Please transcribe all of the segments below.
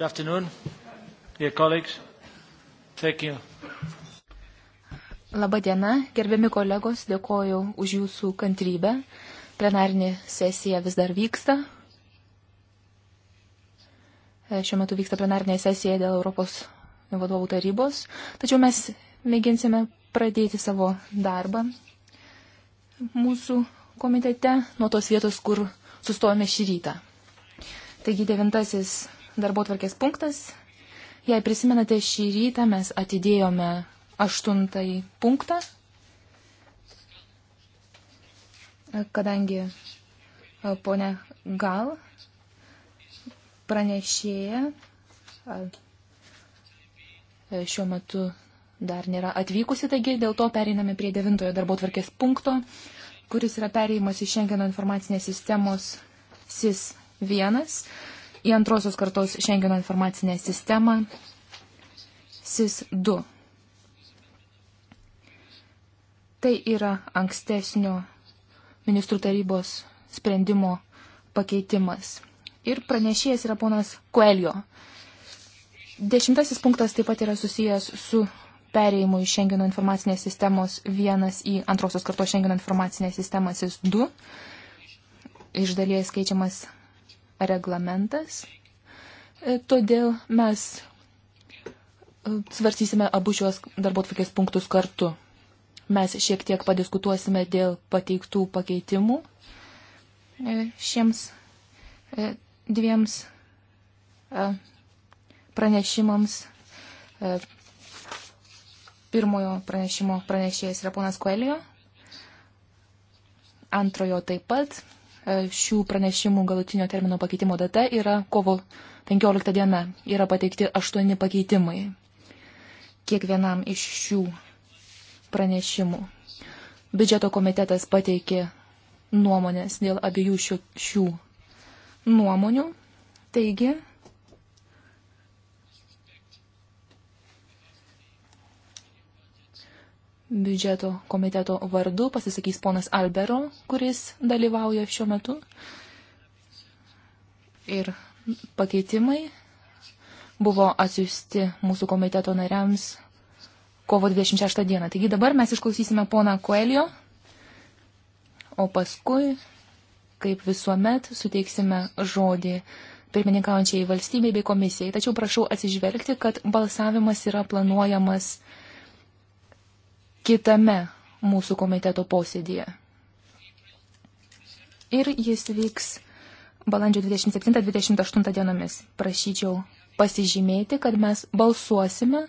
Good afternoon, dear colleagues. Thank you. Labadiena, gerbiami kolegos, dėkoju už jūsų kantrybę. Plenarinė sesija vis dar vyksta. Šiuo metu vyksta plenarinė sesija dėl Europos vadovų tarybos, tačiau mes mėginsime pradėti savo darbą mūsų komitete nuo tos vietos, kur sustojame šį rytą. Taigi devintasis darbo tvarkės punktas. Jei prisimenate, šį rytą mes atidėjome aštuntąjį punktą, kadangi e, ponė Gal pranešėja e, šiuo metu dar nėra atvykusi, taigi dėl to pereiname prie devintojo darbo tvarkės punkto, kuris yra pereimas iš Šengeno informacinės sistemos SIS 1 į antrosios kartos Schengeno informacinę sistemą SIS-2. Tai yra ankstesnio ministrų tarybos sprendimo pakeitimas. Ir pranešėjas yra ponas Koelio. Dešimtasis punktas taip pat yra susijęs su perėjimu iš Schengeno informacinės sistemos 1 į antrosios kartos Schengeno informacinę sistemą SIS-2. Iš dalies keičiamas reglamentas. E, todėl mes e, svarstysime abu šios darbo tvarkės punktus kartu. Mes šiek tiek padiskutuosime dėl pateiktų pakeitimų e, šiems dviems pranešimams. Pirmojo pranešimo pranešėjas yra ponas Koelio, antrojo taip pat šių pranešimų galutinio termino pakeitimo data yra kovo 15 diena. Yra pateikti 8 pakeitimai kiekvienam iš šių pranešimų. Biudžeto komitetas pateikė nuomonės dėl abiejų šių, šių nuomonių. Taigi, biudžeto komiteto vardu pasisakys ponas Albero, kuris dalyvauja šiuo metu. Ir pakeitimai buvo atsiųsti mūsų komiteto nariams kovo 26 dieną. Taigi dabar mes išklausysime poną Koelio, o paskui, kaip visuomet, suteiksime žodį pirmininkaujančiai valstybei bei komisijai. Tačiau prašau atsižvelgti, kad balsavimas yra planuojamas kitame mūsų komiteto posėdėje. Ir jis vyks balandžio 27-28 dienomis. Prašyčiau pasižymėti, kad mes balsuosime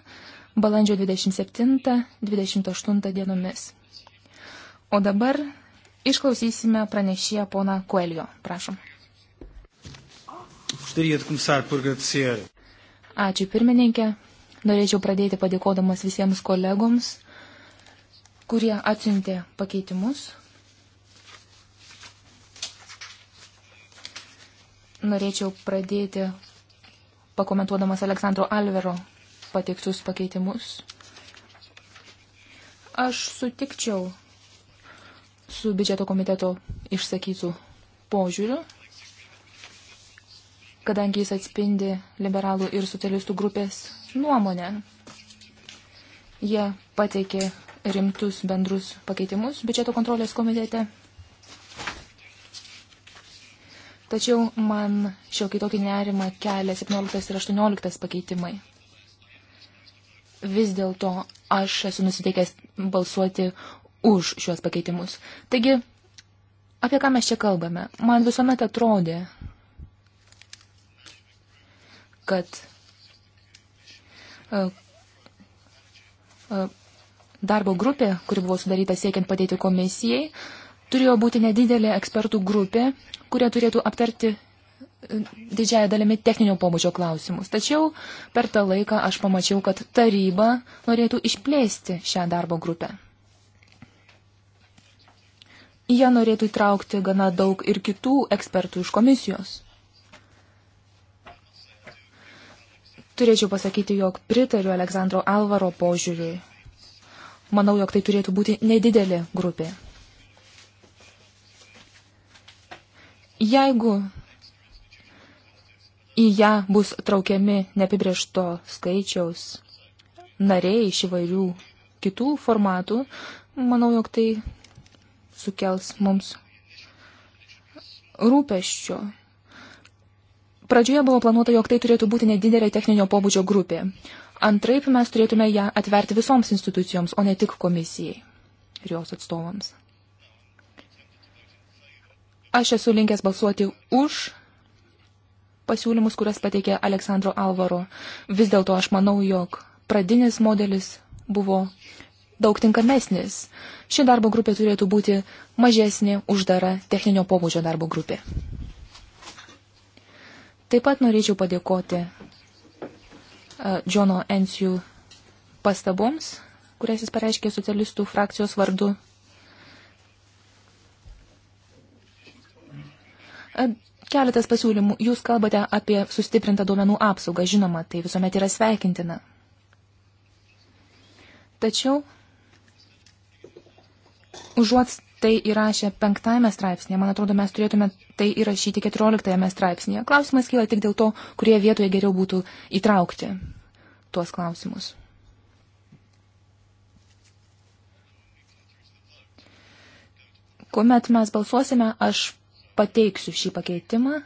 balandžio 27-28 dienomis. O dabar išklausysime pranešėją poną Koelio. Prašom. Ačiū pirmininkė. Norėčiau pradėti padėkodamas visiems kolegoms kurie atsiuntė pakeitimus. Norėčiau pradėti pakomentuodamas Aleksandro Alvero pateiktus pakeitimus. Aš sutikčiau su biudžeto komiteto išsakytų požiūriu, kadangi jis atspindi liberalų ir socialistų grupės nuomonę. Jie pateikė rimtus bendrus pakeitimus biudžeto kontrolės komitete. Tačiau man šiokį tokį nerimą kelia 17 ir 18 pakeitimai. Vis dėlto aš esu nusiteikęs balsuoti už šiuos pakeitimus. Taigi, apie ką mes čia kalbame? Man visuomet atrodė, kad e, e, Darbo grupė, kuri buvo sudaryta siekiant padėti komisijai, turėjo būti nedidelė ekspertų grupė, kurie turėtų aptarti e, didžiąją dalimi techninio pobūdžio klausimus. Tačiau per tą laiką aš pamačiau, kad taryba norėtų išplėsti šią darbo grupę. Jie norėtų įtraukti gana daug ir kitų ekspertų iš komisijos. Turėčiau pasakyti, jog pritariu Aleksandro Alvaro požiūriui Manau, jog tai turėtų būti nedidelė grupė. Jeigu į ją bus traukiami neapibriešto skaičiaus nariai iš įvairių kitų formatų, manau, jog tai sukels mums rūpeščio. Pradžioje buvo planuota, jog tai turėtų būti nedidelė techninio pobūdžio grupė. Antraip mes turėtume ją atverti visoms institucijoms, o ne tik komisijai ir jos atstovams. Aš esu linkęs balsuoti už pasiūlymus, kurias pateikė Aleksandro Alvaro. Vis dėlto aš manau, jog pradinis modelis buvo daug tinkamesnis. Ši darbo grupė turėtų būti mažesnė, uždara, techninio pobūdžio darbo grupė. Taip pat norėčiau padėkoti Džono Ensijų pastaboms, kurias jis pareiškė socialistų frakcijos vardu. Keletas pasiūlymų. Jūs kalbate apie sustiprintą duomenų apsaugą, žinoma, tai visuomet yra sveikintina. Tačiau, užuot tai įrašę penktame straipsnėje, man atrodo, mes turėtume tai įrašyti keturioliktame straipsnėje. Klausimas kyla tik dėl to, kurie vietoje geriau būtų įtraukti tuos klausimus. Kuomet mes balsuosime, aš pateiksiu šį pakeitimą.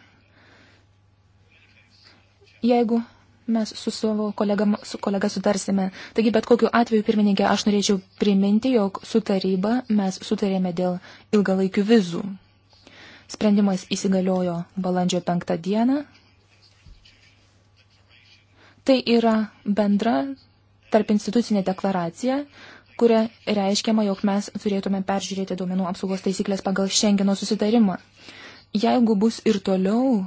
Jeigu mes su savo kolega, su kolega sutarsime. Taigi, bet kokiu atveju, pirmininkė, aš norėčiau priminti, jog su taryba mes sutarėme dėl ilgalaikių vizų. Sprendimas įsigaliojo balandžio penktą dieną. Tai yra bendra tarp institucinė deklaracija, kuria reiškiama, jog mes turėtume peržiūrėti duomenų apsaugos taisyklės pagal Šengeno susitarimą. Jeigu bus ir toliau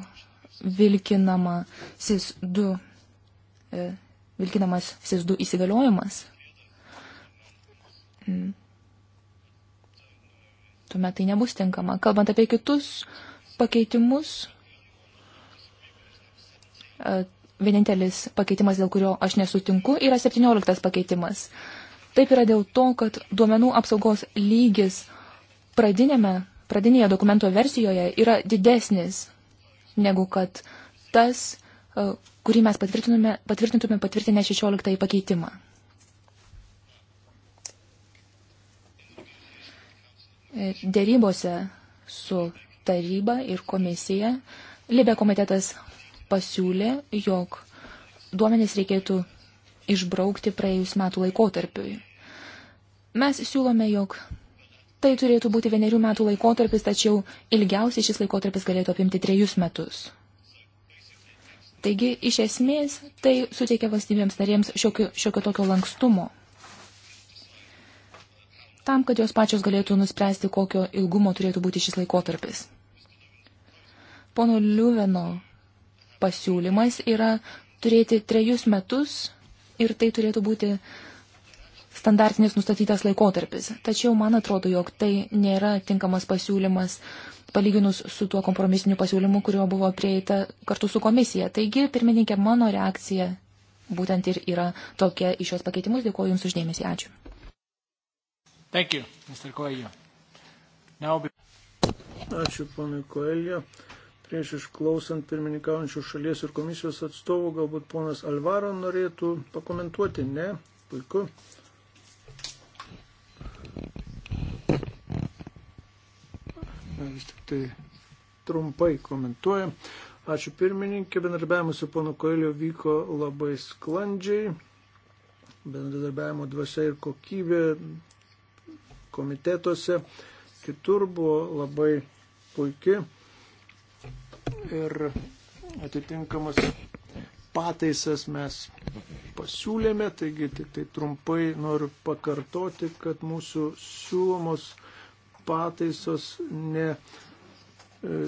vilkinama SIS 2 E, vilkinamas SIS2 įsigaliojimas, mm. tuomet tai nebus tinkama. Kalbant apie kitus pakeitimus, e, vienintelis pakeitimas, dėl kurio aš nesutinku, yra 17 pakeitimas. Taip yra dėl to, kad duomenų apsaugos lygis pradinėme, pradinėje dokumento versijoje yra didesnis negu kad tas, e, kurį mes patvirtintume patvirtinę 16 pakeitimą. E, dėrybose su taryba ir komisija Libė komitetas pasiūlė, jog duomenis reikėtų išbraukti praėjus metų laikotarpiui. Mes siūlome, jog tai turėtų būti vienerių metų laikotarpis, tačiau ilgiausiai šis laikotarpis galėtų apimti trejus metus. Taigi, iš esmės, tai suteikia valstybėms narėms šiokio, šiokio tokio lankstumo. Tam, kad jos pačios galėtų nuspręsti, kokio ilgumo turėtų būti šis laikotarpis. Pono Liuveno pasiūlymas yra turėti trejus metus ir tai turėtų būti uh, standartinis nustatytas laikotarpis. Tačiau man atrodo, jog tai nėra tinkamas pasiūlymas palyginus su tuo kompromisiniu pasiūlymu, kurio buvo prieita kartu su komisija. Taigi, pirmininkė, mano reakcija būtent ir yra tokia iš šios pakeitimus. Dėkuoju Jums uždėmesį. Ačiū. Thank you, Mr. Coelho. Now be... Ačiū, ponai Koelio. Prieš išklausant pirmininkaujančių šalies ir komisijos atstovų, galbūt ponas Alvaro norėtų pakomentuoti. Ne, puiku. vis tik tai trumpai komentuoja. Ačiū pirmininkė, bendradarbiavimas su pono Koelio vyko labai sklandžiai, bendradarbiavimo dvasia ir kokybė komitetuose, kitur buvo labai puikia ir atitinkamas pataisas mes pasiūlėme, taigi tik tai trumpai noriu pakartoti, kad mūsų siūlomos pataisos ne e,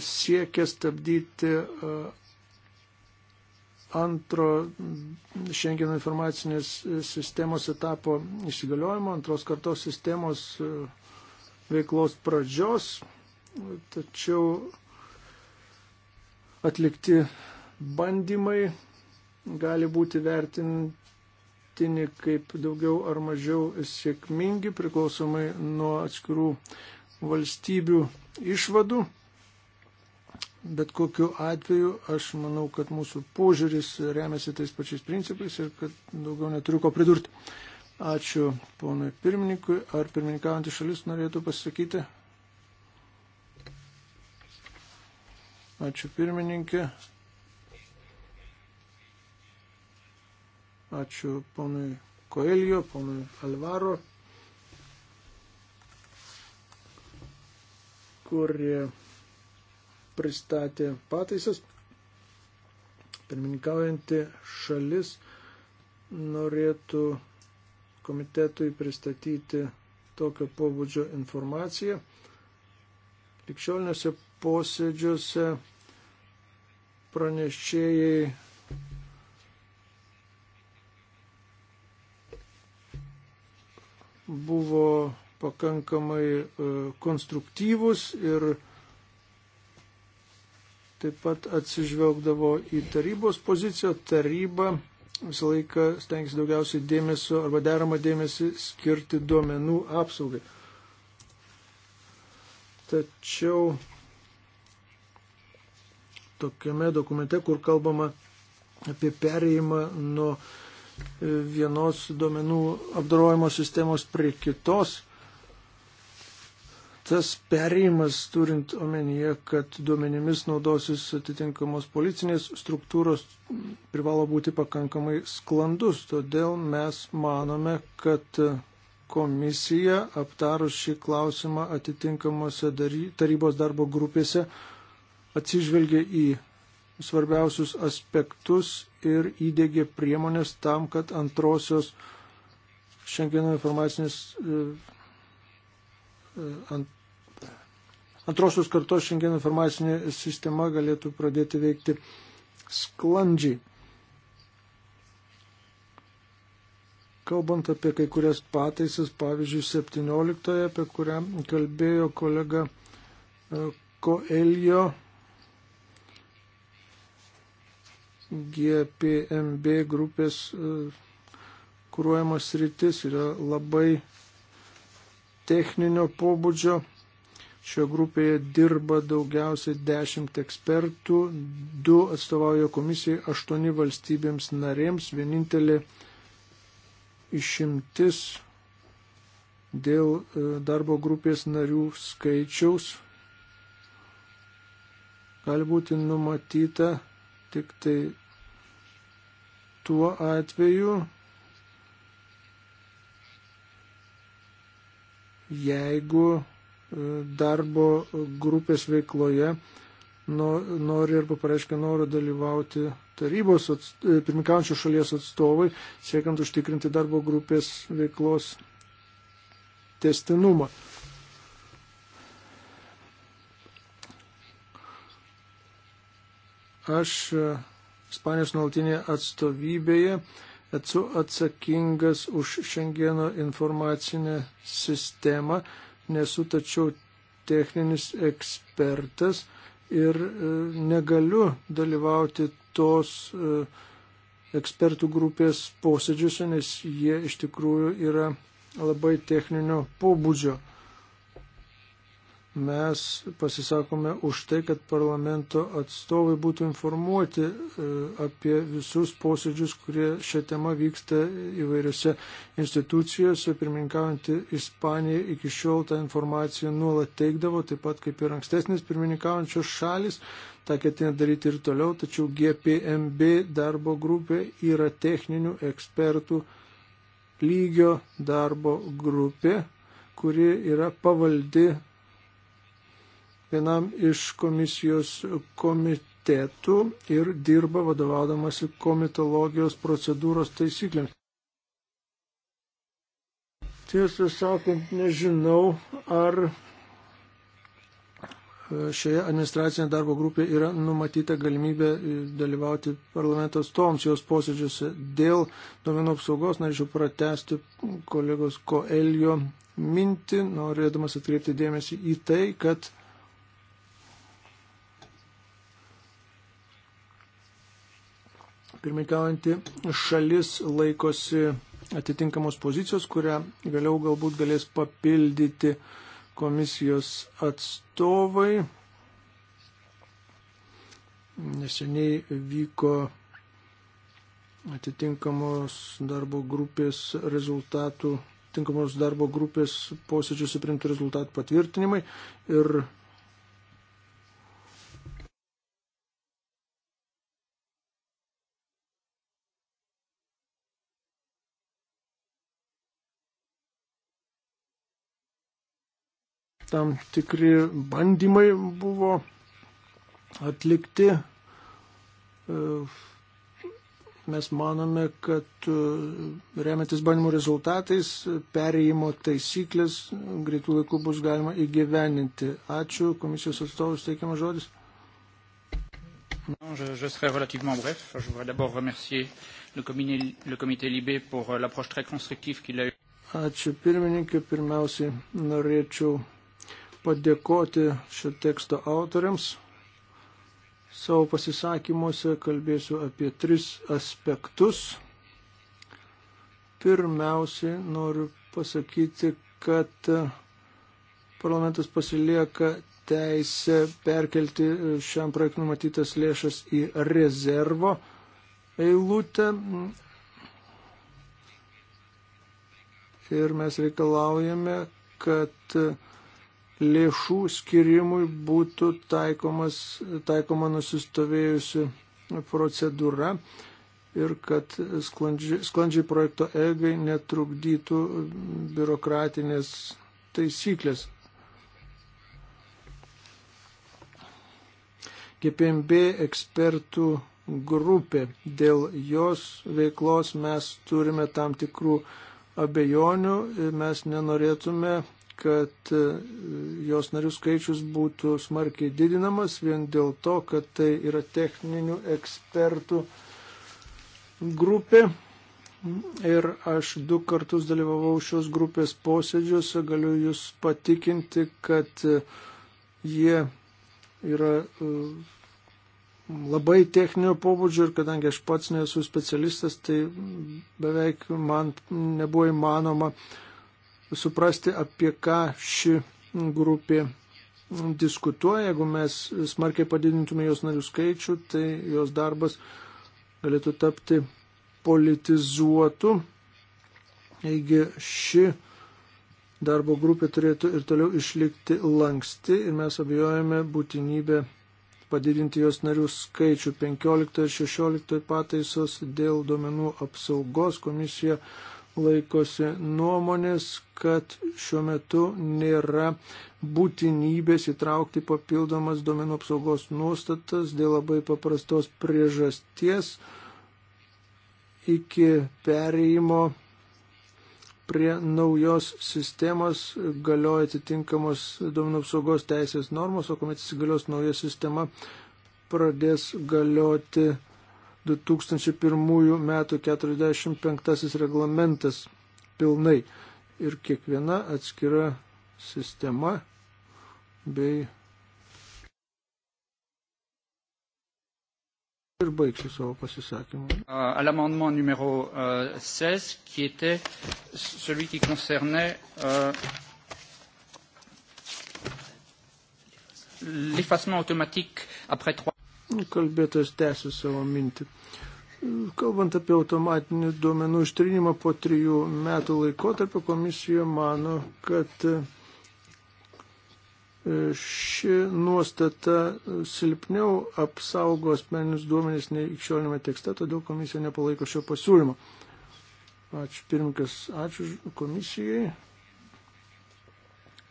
siekia stabdyti e, antro šiandieno informacinės sistemos etapo įsigaliojimo, antros kartos sistemos e, veiklos pradžios, tačiau atlikti bandymai gali būti vertintini kaip daugiau ar mažiau sėkmingi priklausomai nuo atskirų valstybių išvadų. Bet kokiu atveju aš manau, kad mūsų požiūris remiasi tais pačiais principais ir kad daugiau neturiu ko pridurti. Ačiū ponui pirmininkui. Ar pirmininkaujantį šalis norėtų pasakyti? Ačiū pirmininkė. Ačiū ponui Koelio, ponui Alvaro. kurie pristatė pataisas. Pirmininkaujanti šalis norėtų komitetui pristatyti tokio pobūdžio informaciją. Likščioliniuose posėdžiuose pranešėjai buvo pakankamai e, konstruktyvus ir taip pat atsižvelgdavo į tarybos poziciją. Taryba visą laiką stengiasi daugiausiai dėmesio arba deramą dėmesį skirti duomenų apsaugai. Tačiau tokiame dokumente, kur kalbama apie perėjimą nuo vienos duomenų apdarojimo sistemos prie kitos, tas perėjimas, turint omenyje, kad duomenimis naudosis atitinkamos policinės struktūros, privalo būti pakankamai sklandus. Todėl mes manome, kad komisija aptarus šį klausimą atitinkamose tarybos darbo grupėse atsižvelgia į svarbiausius aspektus ir įdėgė priemonės tam, kad antrosios Šengeno informacinės e, e, ant antrosios kartos šiandien informacinė sistema galėtų pradėti veikti sklandžiai. Kalbant apie kai kurias pataisas, pavyzdžiui, 17, apie kurią kalbėjo kolega e, Koelio, GPMB grupės e, kūruojamos rytis yra labai techninio pobūdžio Šio grupėje dirba daugiausiai 10 ekspertų, 2 atstovauja komisijai, 8 valstybėms narėms, vienintelė išimtis dėl e, darbo grupės narių skaičiaus gali būti numatyta tik tai tuo atveju, jeigu darbo grupės veikloje nori arba pareiškia norą dalyvauti tarybos e, pirmikaujančių šalies atstovai, siekiant užtikrinti darbo grupės veiklos testinumą. Aš e, Ispanijos nuolatinėje atstovybėje esu atsakingas už Šengeno informacinę sistemą nesu tačiau techninis ekspertas ir e, negaliu dalyvauti tos e, ekspertų grupės posėdžiuose, nes jie iš tikrųjų yra labai techninio pobūdžio mes pasisakome už tai, kad parlamento atstovai būtų informuoti e, apie visus posėdžius, kurie šią temą vyksta įvairiose institucijose. Pirmininkaujantį Ispaniją iki šiol tą informaciją nuolat teikdavo, taip pat kaip ir ankstesnis pirmininkaujančios šalis. Ta ketina daryti ir toliau, tačiau GPMB darbo grupė yra techninių ekspertų lygio darbo grupė, kuri yra pavaldi vienam iš komisijos komitetų ir dirba vadovaudamasi komitologijos procedūros taisyklėms. Tiesą sakant, nežinau, ar e, šioje administracinė darbo grupė yra numatyta galimybė e, dalyvauti parlamento stoms jos posėdžiuose. Dėl domenų apsaugos norėčiau pratesti kolegos Koelio mintį, norėdamas atkreipti dėmesį į tai, kad pirmininkaujanti šalis laikosi atitinkamos pozicijos, kurią vėliau galbūt galės papildyti komisijos atstovai. Neseniai vyko atitinkamos darbo grupės rezultatų, atitinkamos darbo grupės posėdžių suprimtų rezultatų patvirtinimai ir tam tikri bandymai buvo atlikti. E, mes manome, kad e, remiantis bandymų rezultatais perėjimo taisyklės greitų laikų bus galima įgyveninti. Ačiū, komisijos atstovus teikiamas žodis. Non, je, je serai relativement bref. Je voudrais d'abord remercier le comité, le comité Libé pour euh, l'approche très constructive qu'il a eue. Ačiū pirmininkė, pirmiausiai norėčiau padėkoti šio teksto autoriams. Savo pasisakymuose kalbėsiu apie tris aspektus. Pirmiausiai noriu pasakyti, kad parlamentas pasilieka teisę perkelti šiam projektui numatytas lėšas į rezervo eilutę. Ir mes reikalaujame, kad uh, lėšų skirimui būtų taikomas, taikoma nusistovėjusi procedūra ir kad sklandžiai, sklandžiai projekto eigai netrukdytų biurokratinės taisyklės. GPMB ekspertų grupė. Dėl jos veiklos mes turime tam tikrų abejonių ir mes nenorėtume kad e, jos narių skaičius būtų smarkiai didinamas vien dėl to, kad tai yra techninių ekspertų grupė. Ir aš du kartus dalyvavau šios grupės posėdžiuose, galiu jūs patikinti, kad e, jie yra e, labai techninio pobūdžio ir kadangi aš pats nesu specialistas, tai beveik man nebuvo įmanoma uh, suprasti, apie ką ši grupė diskutuoja. Jeigu mes smarkiai padidintume jos narių skaičių, tai jos darbas galėtų tapti politizuotu. Taigi ši darbo grupė turėtų ir toliau išlikti lanksti ir mes abejojame būtinybę padidinti jos narių skaičių 15 ir 16 pataisos dėl duomenų apsaugos komisija laikosi nuomonės, kad šiuo metu nėra būtinybės įtraukti papildomas domenų apsaugos nuostatas dėl labai paprastos priežasties iki pereimo prie naujos sistemos galioja atitinkamos duomenų apsaugos teisės normos, o kuomet įsigalios nauja sistema, pradės galioti 2001 metų 45 reglamentas pilnai ir kiekviena atskira sistema bei ir baigsiu savo pasisakymą. Euh, à l'amendement numéro euh, 16, qui était celui qui concernait euh, l'effacement automatique après trois. Kalbėtojas tęsiu savo mintį. Kalbant apie automatinį duomenų ištrinimą po trijų metų laikotarpio, komisija mano, kad e, ši nuostata silpniau apsaugo asmeninius duomenys nei ikščionime tekste, todėl komisija nepalaiko šio pasiūlymo. Ačiū pirmininkas, ačiū komisijai.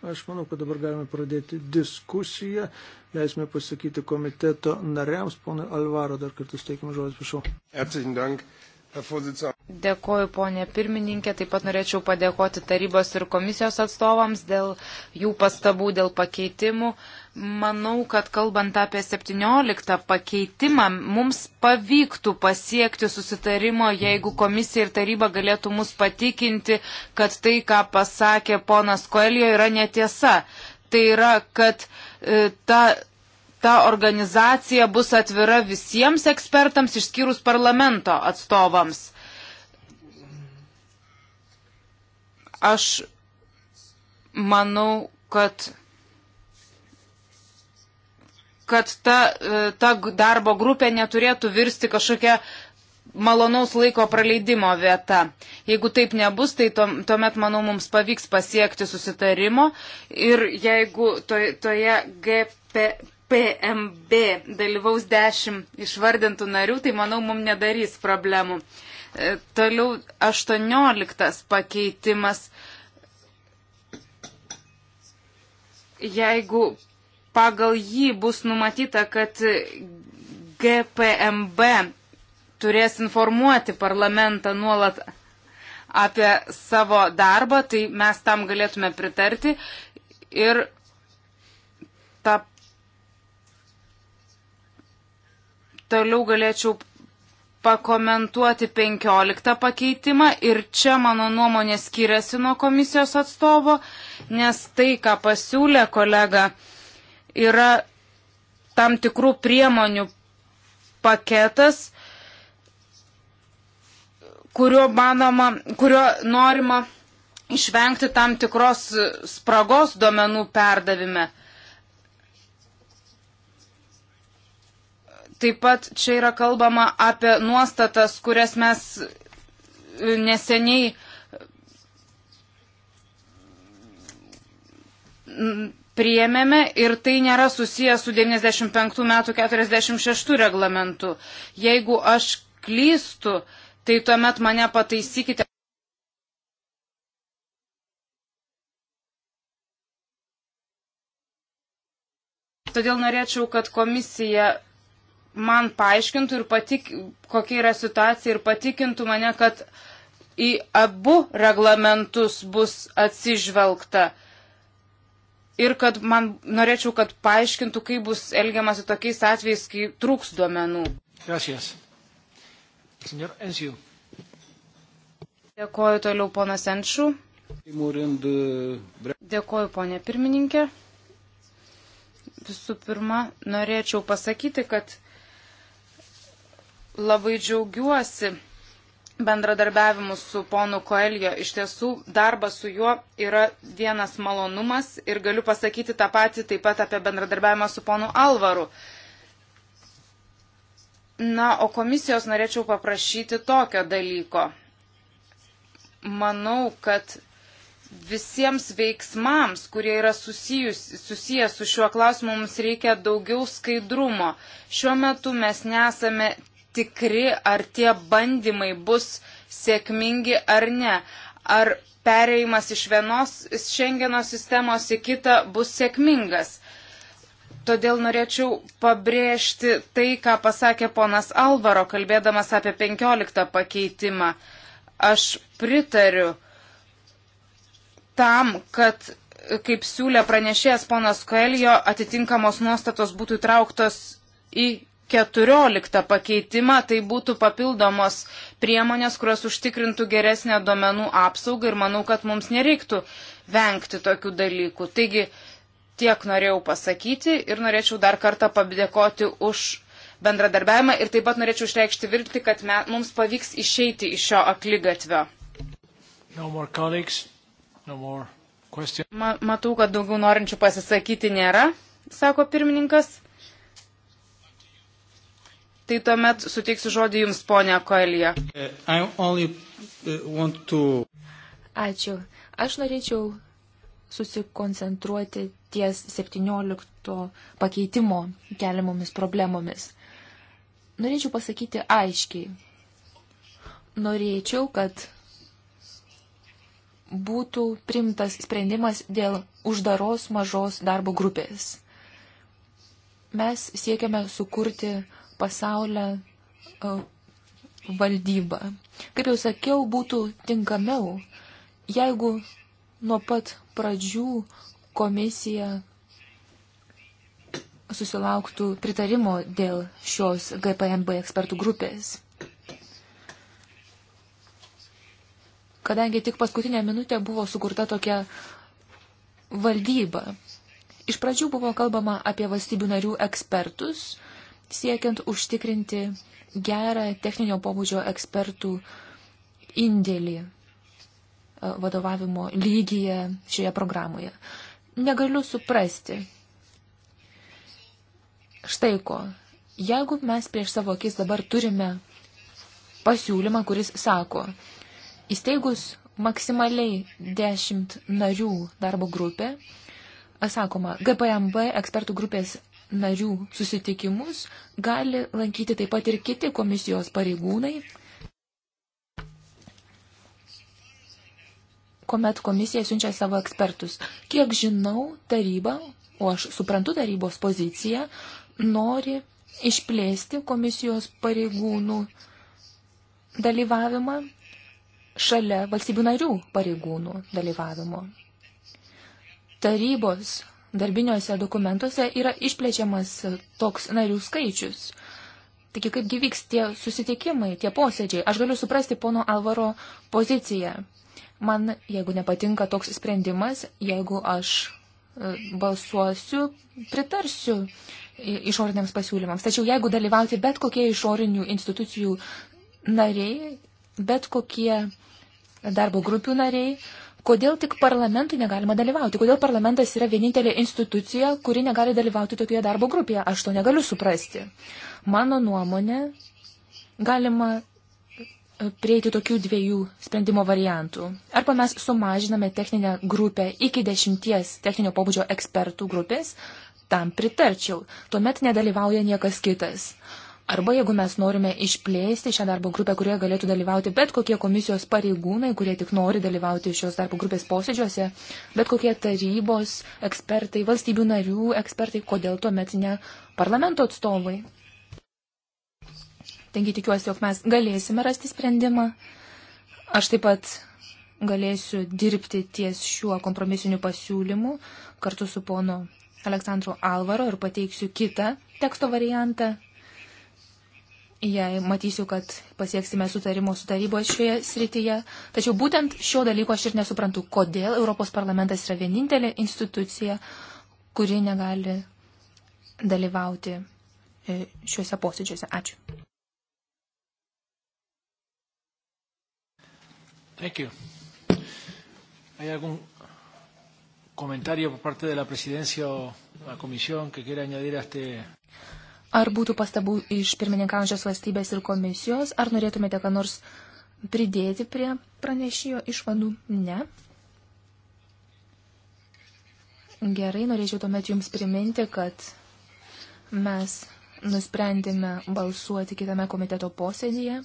Aš manau, kad dabar galime pradėti diskusiją. Leisime pasakyti komiteto nariams. Pone Alvaro, dar kartą steikime žodis, prašau. Dėkoju, ponė pirmininkė. Taip pat norėčiau padėkoti tarybos ir komisijos atstovams dėl jų pastabų, dėl pakeitimų. Manau, kad kalbant apie 17 pakeitimą, mums pavyktų pasiekti susitarimo, jeigu komisija ir taryba galėtų mus patikinti, kad tai, ką pasakė ponas Koelio, yra netiesa. Tai yra, kad e, ta ta organizacija bus atvira visiems ekspertams, išskyrus parlamento atstovams. Aš manau, kad kad ta, e, ta darbo grupė neturėtų virsti kažkokia malonaus laiko praleidimo vieta. Jeigu taip nebus, tai tuomet, manau, mums pavyks pasiekti susitarimo ir jeigu to, toje GP, PMB dalyvaus 10 išvardintų narių, tai manau, mums nedarys problemų. E, toliau 18 pakeitimas. Jeigu pagal jį bus numatyta, kad GPMB turės informuoti parlamentą nuolat apie savo darbą, tai mes tam galėtume pritarti. Ir tą Toliau galėčiau pakomentuoti 15 pakeitimą ir čia mano nuomonė skiriasi nuo komisijos atstovo, nes tai, ką pasiūlė kolega, yra tam tikrų priemonių paketas, kurio, manoma, kurio norima išvengti tam tikros spragos duomenų perdavime. Taip pat čia yra kalbama apie nuostatas, kurias mes e, neseniai priėmėme ir tai nėra susijęs su 95 metų 46 reglamentu. Jeigu aš klystu, tai tuomet mane pataisykite. Todėl norėčiau, kad komisija man paaiškintų ir patik, kokia yra situacija ir patikintų mane, kad į abu reglamentus bus atsižvelgta. Ir kad man norėčiau, kad paaiškintų, kaip bus elgiamasi tokiais atvejais, kai trūks duomenų. Gracias. Senor Ensiu. Dėkoju toliau ponas Enšų. Dėkoju ponė pirmininkė. Visų pirma, norėčiau pasakyti, kad labai džiaugiuosi bendradarbiavimu su ponu Koelio. Iš tiesų, darbas su juo yra vienas malonumas ir galiu pasakyti tą patį taip pat apie bendradarbiavimą su ponu Alvaru. Na, o komisijos norėčiau paprašyti tokio dalyko. Manau, kad visiems veiksmams, kurie yra susijus, susijęs su šiuo klausimu, mums reikia daugiau skaidrumo. Šiuo metu mes nesame tikri, ar tie bandymai bus sėkmingi ar ne. Ar pereimas iš vienos Schengeno sistemos į kitą bus sėkmingas. Todėl norėčiau pabrėžti tai, ką pasakė ponas Alvaro, kalbėdamas apie 15 pakeitimą. Aš pritariu tam, kad, kaip siūlė pranešėjas ponas Koelio, atitinkamos nuostatos būtų įtrauktos į 14 pakeitimą, tai būtų papildomos priemonės, kurios užtikrintų geresnę duomenų apsaugą ir manau, kad mums nereiktų vengti tokių dalykų. Taigi tiek norėjau pasakyti ir norėčiau dar kartą padėkoti už bendradarbiavimą ir taip pat norėčiau išreikšti viltį, kad me, mums pavyks išeiti iš šio aklygatvio. No no Ma, matau, kad daugiau norinčių pasisakyti nėra, sako pirmininkas. Tai tuomet suteiksiu žodį Jums, ponia Koelija. Uh, uh, to... Ačiū. Aš norėčiau susikoncentruoti ties 17 pakeitimo keliamomis problemomis. Norėčiau pasakyti aiškiai. Norėčiau, kad būtų primtas sprendimas dėl uždaros mažos darbo grupės. Mes siekiame sukurti uh, pasaulio e, valdyba. Kaip jau sakiau, būtų tinkamiau, jeigu nuo pat pradžių komisija susilauktų pritarimo dėl šios GPMB ekspertų grupės. Kadangi tik paskutinę minutę buvo sukurta tokia valdyba. Iš pradžių buvo kalbama apie valstybių narių ekspertus, siekiant užtikrinti gerą techninio pobūdžio ekspertų indėlį e, vadovavimo lygyje šioje programoje. Negaliu suprasti. Štai ko. Jeigu mes prieš savo akis dabar turime pasiūlymą, kuris sako, įsteigus maksimaliai 10 narių darbo grupė, sakoma, GPMB ekspertų grupės narių susitikimus gali lankyti taip pat ir kiti komisijos pareigūnai, kuomet komisija siunčia savo ekspertus. Kiek žinau, taryba, o aš suprantu tarybos poziciją, nori išplėsti komisijos pareigūnų dalyvavimą šalia valstybių narių pareigūnų dalyvavimo. Tarybos darbiniuose dokumentuose yra išplečiamas toks narių skaičius. Taigi kaipgi vyks tie susitikimai, tie posėdžiai. Aš galiu suprasti pono Alvaro poziciją. Man, jeigu nepatinka toks sprendimas, jeigu aš e, balsuosiu, pritarsiu išoriniams pasiūlymams. Tačiau jeigu dalyvauti bet kokie išorinių institucijų nariai, bet kokie darbo grupių nariai, Kodėl tik parlamentui negalima dalyvauti? Kodėl parlamentas yra vienintelė institucija, kuri negali dalyvauti tokioje darbo grupėje? Aš to negaliu suprasti. Mano nuomonė, galima e, prieiti tokių dviejų sprendimo variantų. Arba mes sumažiname techninę grupę iki dešimties techninio pobūdžio ekspertų grupės, tam pritarčiau, tuomet nedalyvauja niekas kitas. Arba jeigu mes norime išplėsti šią darbo grupę, kurioje galėtų dalyvauti bet kokie komisijos pareigūnai, kurie tik nori dalyvauti šios darbo grupės posėdžiuose, bet kokie tarybos ekspertai, valstybių narių ekspertai, kodėl tuomet ne parlamento atstovai. Taigi tikiuosi, jog mes galėsime rasti sprendimą. Aš taip pat galėsiu dirbti ties šiuo kompromisiniu pasiūlymu kartu su ponu Aleksandru Alvaro ir pateiksiu kitą teksto variantą jei matysiu, kad pasieksime sutarimo su tarybos šioje srityje. Tačiau būtent šio dalyko aš ir nesuprantu, kodėl Europos parlamentas yra vienintelė institucija, kuri negali dalyvauti e, šiuose posėdžiuose. Ačiū. Thank you. ¿Hay algún comentario por parte de la presidencia o la comisión que quiera añadir a este? Ar būtų pastabų iš pirmininkaujančios valstybės ir komisijos, ar norėtumėte ką nors pridėti prie pranešėjo išvadų? Ne. Gerai, norėčiau tuomet Jums priminti, kad mes nusprendėme balsuoti kitame komiteto posėdėje,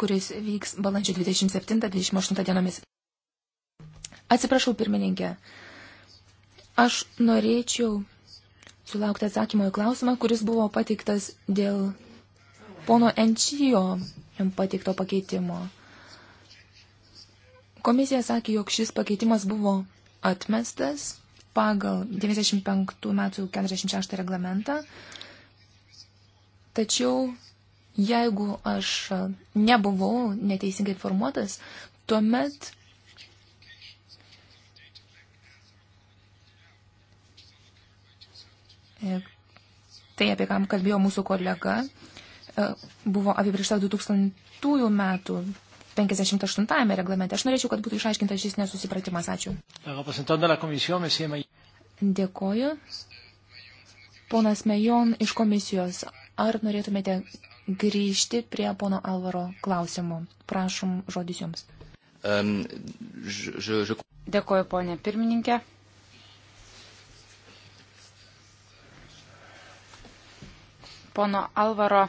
kuris vyks balandžio 27-28 dienomis. Atsiprašau, pirmininkė, aš norėčiau sulaukti atsakymą į klausimą, kuris buvo pateiktas dėl pono Enčijo pateikto pakeitimo. Komisija sakė, jog šis pakeitimas buvo atmestas pagal 95 metų 46 reglamentą, tačiau jeigu aš nebuvau neteisingai informuotas, tuomet E, tai, apie ką kalbėjo mūsų kolega, e, buvo apibriešta 2000 metų 58 reglamente. Aš norėčiau, kad būtų išaiškintas šis nesusipratimas. Ačiū. Dėkoju. Ponas Mejon iš komisijos, ar norėtumėte grįžti prie pono Alvaro klausimų? Prašom, žodis jums. Um, je, je... Dėkoju, ponė pirmininkė. pono Alvaro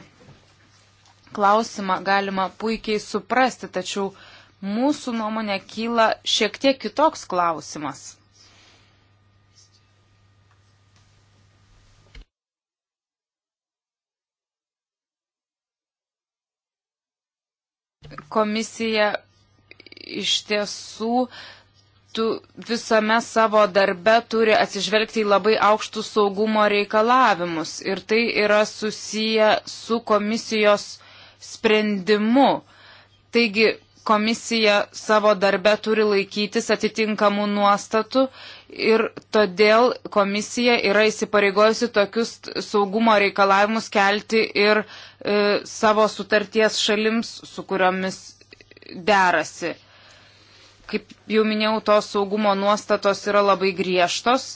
klausimą galima puikiai suprasti, tačiau mūsų nuomonė kyla šiek tiek kitoks klausimas. Komisija iš tiesų tu visame savo darbe turi atsižvelgti į labai aukštus saugumo reikalavimus. Ir tai yra susiję su komisijos sprendimu. Taigi komisija savo darbe turi laikytis atitinkamų nuostatų ir todėl komisija yra įsipareigojusi tokius saugumo reikalavimus kelti ir e, savo sutarties šalims, su kuriomis derasi kaip jau minėjau, tos saugumo nuostatos yra labai griežtos.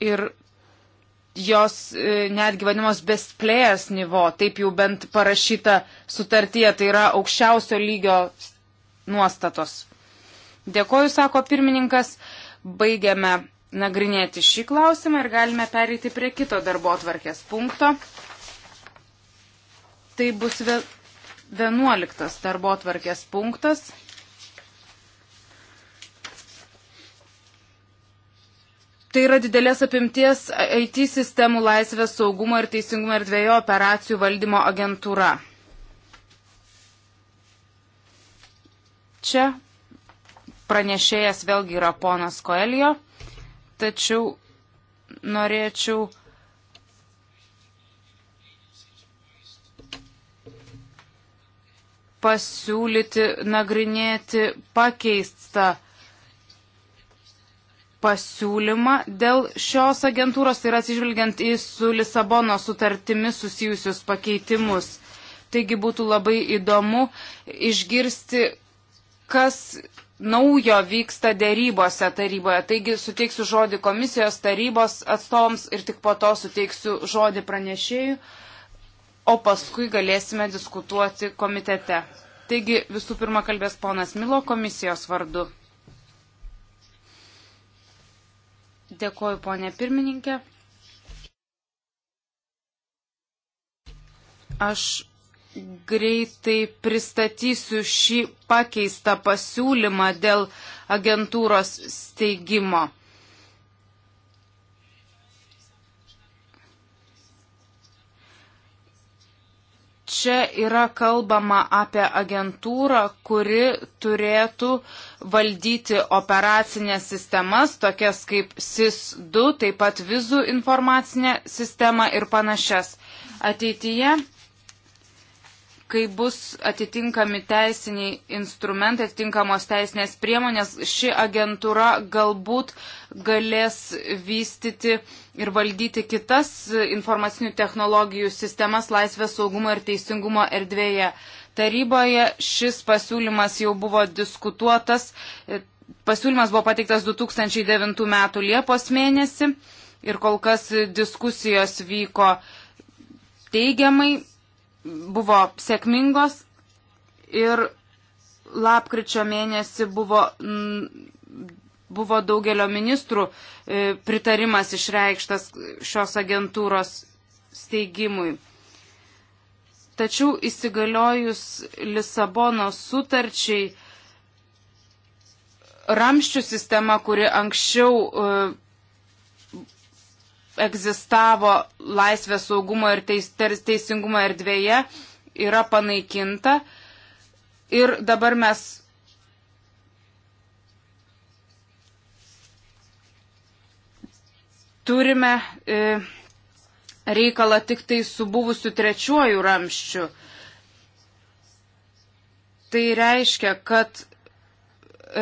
Ir jos e, netgi vadinamos best players nivo, taip jau bent parašyta sutartyje, tai yra aukščiausio lygio nuostatos. Dėkoju, sako pirmininkas, baigiame nagrinėti šį klausimą ir galime pereiti prie kito darbo atvarkės punkto tai bus 11 darbo tvarkės punktas. Tai yra didelės apimties IT sistemų laisvės saugumo ir teisingumo ir dviejų operacijų valdymo agentūra. Čia pranešėjas vėlgi yra ponas Koelio, tačiau norėčiau pasiūlyti nagrinėti pakeistą pasiūlymą dėl šios agentūros, tai yra atsižvelgiant į su Lisabono sutartimi susijusius pakeitimus. Taigi būtų labai įdomu išgirsti, kas naujo vyksta dėrybose taryboje. Taigi suteiksiu žodį komisijos tarybos atstovams ir tik po to suteiksiu žodį pranešėjui o paskui galėsime diskutuoti komitete. Taigi visų pirma kalbės ponas Milo komisijos vardu. Dėkuoju, ponė pirmininkė. Aš greitai pristatysiu šį pakeistą pasiūlymą dėl agentūros steigimo. čia yra kalbama apie agentūrą, kuri turėtų valdyti operacinės sistemas, tokias kaip SIS-2, taip pat vizų informacinę sistemą ir panašias. Ateityje kai bus atitinkami teisiniai instrumentai, atitinkamos teisinės priemonės, ši agentūra galbūt galės vystyti ir valdyti kitas informacinių technologijų sistemas laisvės saugumo ir teisingumo erdvėje. Taryboje šis pasiūlymas jau buvo diskutuotas. Pasiūlymas buvo pateiktas 2009 m. Liepos mėnesį ir kol kas diskusijos vyko teigiamai buvo sėkmingos ir lapkričio mėnesį buvo, buvo daugelio ministrų e, pritarimas išreikštas šios agentūros steigimui. Tačiau įsigaliojus Lisabono sutarčiai ramščių sistema, kuri anksčiau e, egzistavo laisvės saugumo ir teis, teisingumo erdvėje, yra panaikinta. Ir dabar mes turime e, reikalą tik tai su buvusiu trečiuoju ramščiu. Tai reiškia, kad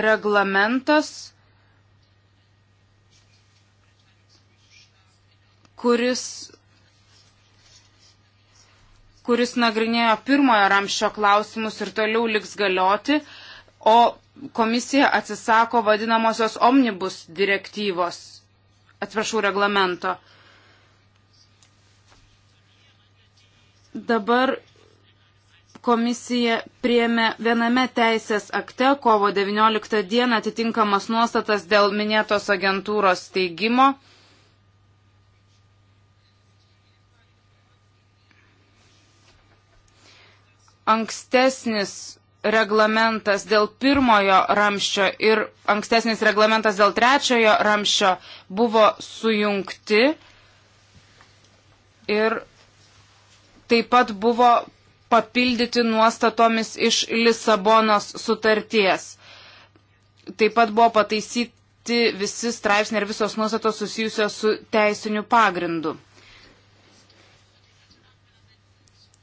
reglamentas kuris kuris nagrinėjo pirmojo ramščio klausimus ir toliau liks galioti, o komisija atsisako vadinamosios omnibus direktyvos, atsiprašau, reglamento. Dabar komisija priemė viename teisės akte kovo 19 dieną atitinkamas nuostatas dėl minėtos agentūros steigimo. ankstesnis reglamentas dėl pirmojo ramščio ir ankstesnis reglamentas dėl trečiojo ramščio buvo sujungti ir taip pat buvo papildyti nuostatomis iš Lisabonos sutarties. Taip pat buvo pataisyti visi straipsniai ir visos nuostatos susijusios su teisiniu pagrindu.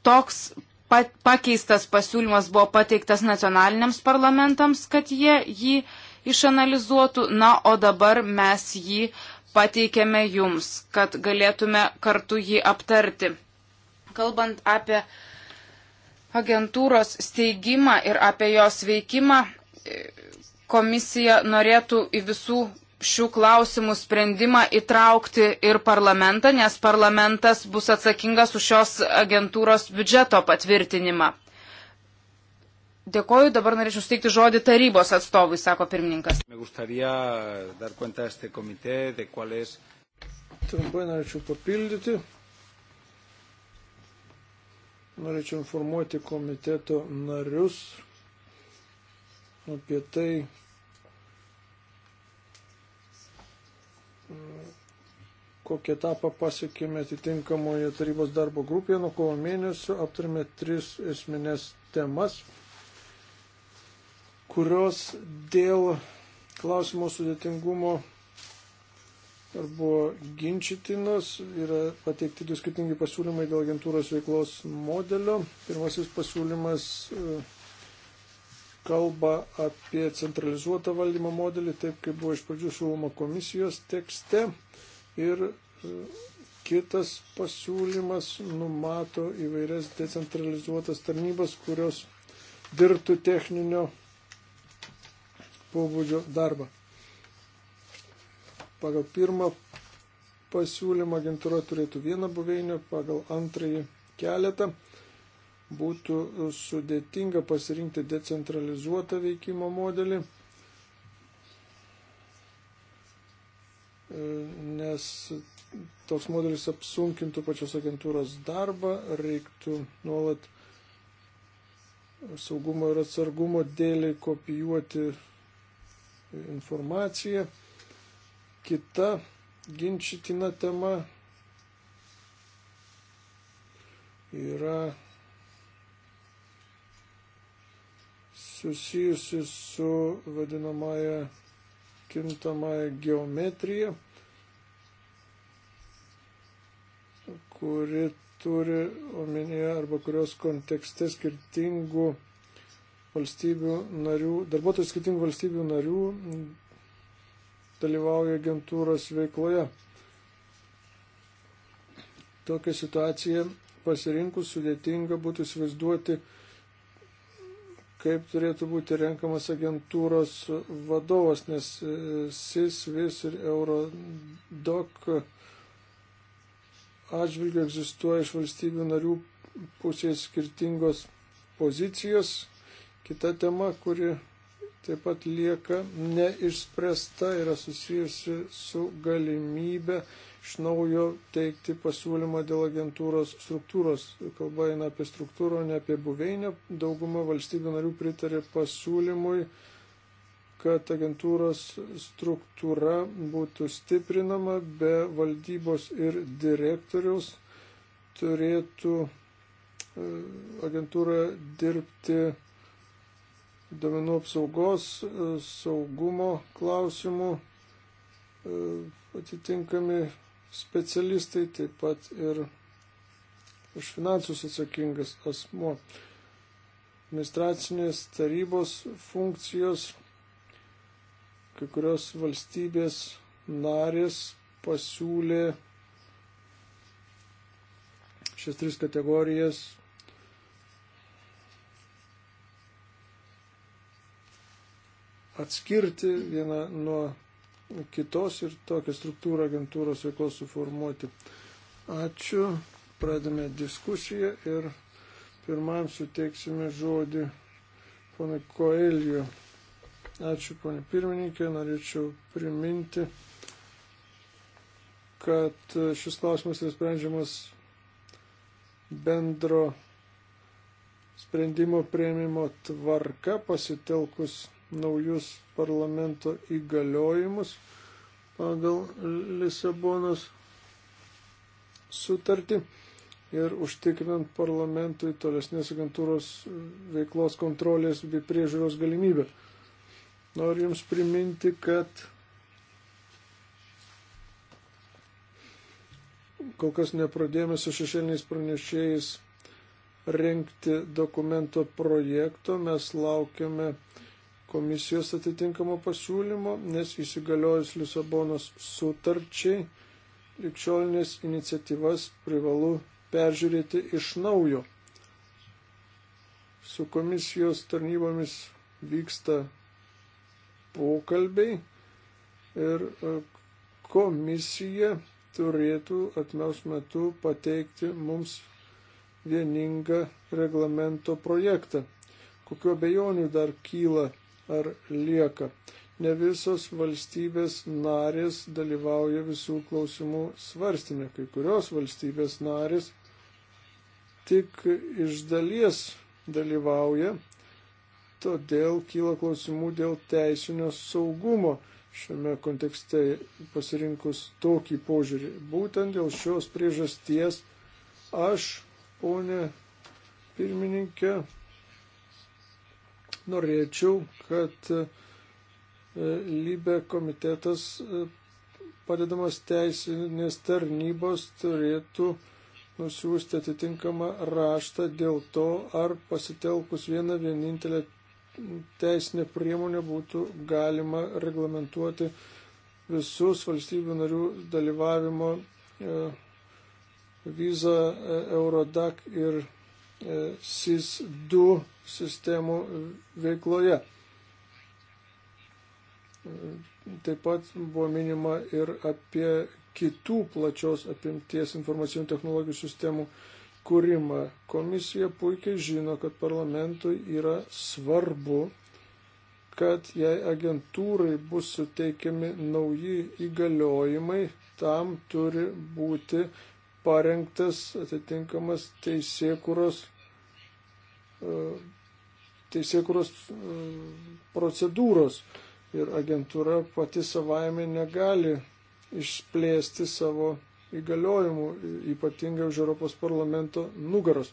Toks pakeistas pasiūlymas buvo pateiktas nacionaliniams parlamentams, kad jie jį išanalizuotų, na, o dabar mes jį pateikėme jums, kad galėtume kartu jį aptarti. Kalbant apie agentūros steigimą ir apie jos veikimą, e, komisija norėtų į visų šių klausimų sprendimą įtraukti ir parlamentą, nes parlamentas bus atsakingas už šios agentūros biudžeto patvirtinimą. Dėkoju, dabar norėčiau steikti žodį tarybos atstovui, sako pirmininkas. Trumpai norėčiau papildyti. Norėčiau informuoti komiteto narius apie tai, kokią etapą pasiekėme atitinkamoje tarybos darbo grupėje nuo kovo mėnesio, aptarėme tris esminės temas, kurios dėl klausimo sudėtingumo ar buvo ginčytinos, yra pateikti du skirtingi pasiūlymai dėl agentūros veiklos modelio. Pirmasis pasiūlymas. Uh, kalba apie centralizuotą valdymo modelį, taip kaip buvo iš pradžių siūloma komisijos tekste. Ir e, kitas pasiūlymas numato įvairias decentralizuotas tarnybas, kurios dirbtų techninio pobūdžio darbą. Pagal pirmą pasiūlymą agentūra turėtų vieną buveinę, pagal antrąjį keletą būtų sudėtinga pasirinkti decentralizuotą veikimo modelį, nes toks modelis apsunkintų pačios agentūros darbą, reiktų nuolat saugumo ir atsargumo dėliai kopijuoti informaciją. Kita ginčitina tema yra susijusi su vadinamąją kintamąją geometriją, kuri turi omenyje arba kurios kontekste skirtingų valstybių narių, darbuotojų skirtingų valstybių narių dalyvauja agentūros veikloje. Tokią situaciją pasirinkus sudėtinga būtų įsivaizduoti, kaip turėtų būti renkamas agentūros vadovas, nes e, SIS, VIS ir Eurodoc atžvilgiu egzistuoja iš valstybių narių pusės skirtingos pozicijos. Kita tema, kuri taip pat lieka neišspręsta, yra susijusi su galimybė iš naujo teikti pasiūlymą dėl agentūros struktūros. Kalba eina apie struktūrą, ne apie buveinę. Dauguma valstybių narių pritarė pasiūlymui kad agentūros struktūra būtų stiprinama be valdybos ir direktoriaus, turėtų e, agentūra dirbti duomenų apsaugos, e, saugumo klausimų e, atitinkami specialistai, taip pat ir už finansus atsakingas asmo. Administracinės tarybos funkcijos, kai kurios valstybės narės pasiūlė šias tris kategorijas atskirti vieną nuo kitos ir tokią struktūrą agentūros veiklos suformuoti. Ačiū. Pradame diskusiją ir pirmam suteiksime žodį ponui Koeliu. Ačiū, ponė pirmininkė. Norėčiau priminti, kad šis klausimas yra sprendžiamas bendro sprendimo prieimimo tvarka pasitelkus naujus parlamento įgaliojimus pagal Lisabonos sutartį ir užtikrinant parlamentui tolesnės agentūros veiklos kontrolės bei priežiūros galimybę. Noriu Jums priminti, kad kol kas nepradėjome su šešėliniais pranešėjais renkti dokumento projekto. Mes laukiame komisijos atitinkamo pasiūlymo, nes įsigaliojus Lisabonos sutarčiai likščiolinės iniciatyvas privalu peržiūrėti iš naujo. Su komisijos tarnybomis vyksta pokalbiai ir e, komisija turėtų atmiaus metu pateikti mums vieningą reglamento projektą. Kokiu abejoniu dar kyla ar lieka. Ne visos valstybės narės dalyvauja visų klausimų svarstymė. Kai kurios valstybės narės tik iš dalies dalyvauja, todėl kyla klausimų dėl teisinio saugumo šiame kontekste pasirinkus tokį požiūrį. Būtent dėl šios priežasties aš, ponė pirmininkė, norėčiau, kad e, Lybė komitetas e, padedamas teisinės tarnybos turėtų nusiųsti atitinkamą raštą dėl to, ar pasitelkus vieną vienintelę teisinę priemonę būtų galima reglamentuoti visus valstybių narių dalyvavimo e, vizą Eurodac ir E, SIS-2 sistemų veikloje. E, taip pat buvo minima ir apie kitų plačios apimties informacinių technologijų sistemų kūrimą. Komisija puikiai žino, kad parlamentui yra svarbu, kad jei agentūrai bus suteikiami nauji įgaliojimai, tam turi būti parengtas atitinkamas teisėkuros, e, teisėkuros e, procedūros ir agentūra pati savaime negali išplėsti savo įgaliojimų, ypatingai už Europos parlamento nugaros.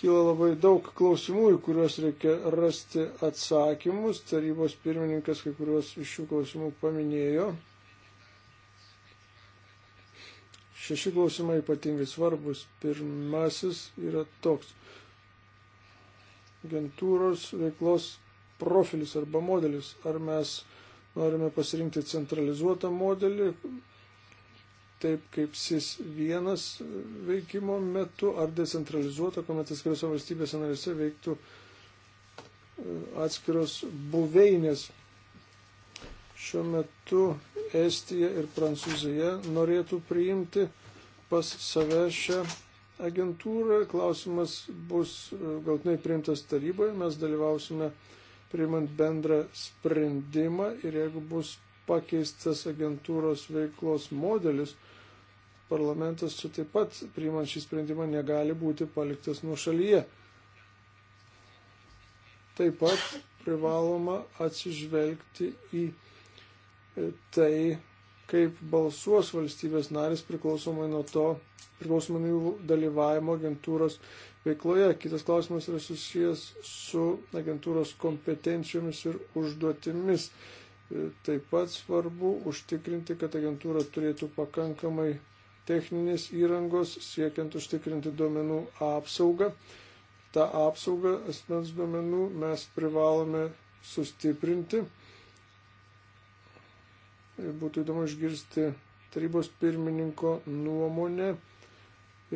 Kyla labai daug klausimų, į kuriuos reikia rasti atsakymus. Tarybos pirmininkas kai kuriuos iš šių klausimų paminėjo. Šeši klausimai ypatingai svarbus. Pirmasis yra toks. Agentūros veiklos profilis arba modelis. Ar mes norime pasirinkti centralizuotą modelį, taip kaip SIS-1 veikimo metu, ar decentralizuotą, kuomet atskirose valstybėse narėse veiktų e, atskiros buveinės Šiuo metu Estija ir Prancūzija norėtų priimti pas save šią agentūrą. Klausimas bus e, galtinai priimtas taryboje. Mes dalyvausime priimant bendrą sprendimą ir jeigu bus pakeistas agentūros veiklos modelis, parlamentas čia taip pat priimant šį sprendimą negali būti paliktas nuo šalyje. Taip pat privaloma atsižvelgti į tai, kaip balsuos valstybės narės priklausomai nuo to, priklausomai nuo jų dalyvavimo agentūros veikloje. Kitas klausimas yra susijęs su agentūros kompetencijomis ir užduotimis. E, taip pat svarbu užtikrinti, kad agentūra turėtų pakankamai techninės įrangos siekiant užtikrinti duomenų apsaugą. Ta apsauga asmens duomenų mes privalome sustiprinti Būtų įdomu išgirsti tarybos pirmininko nuomonę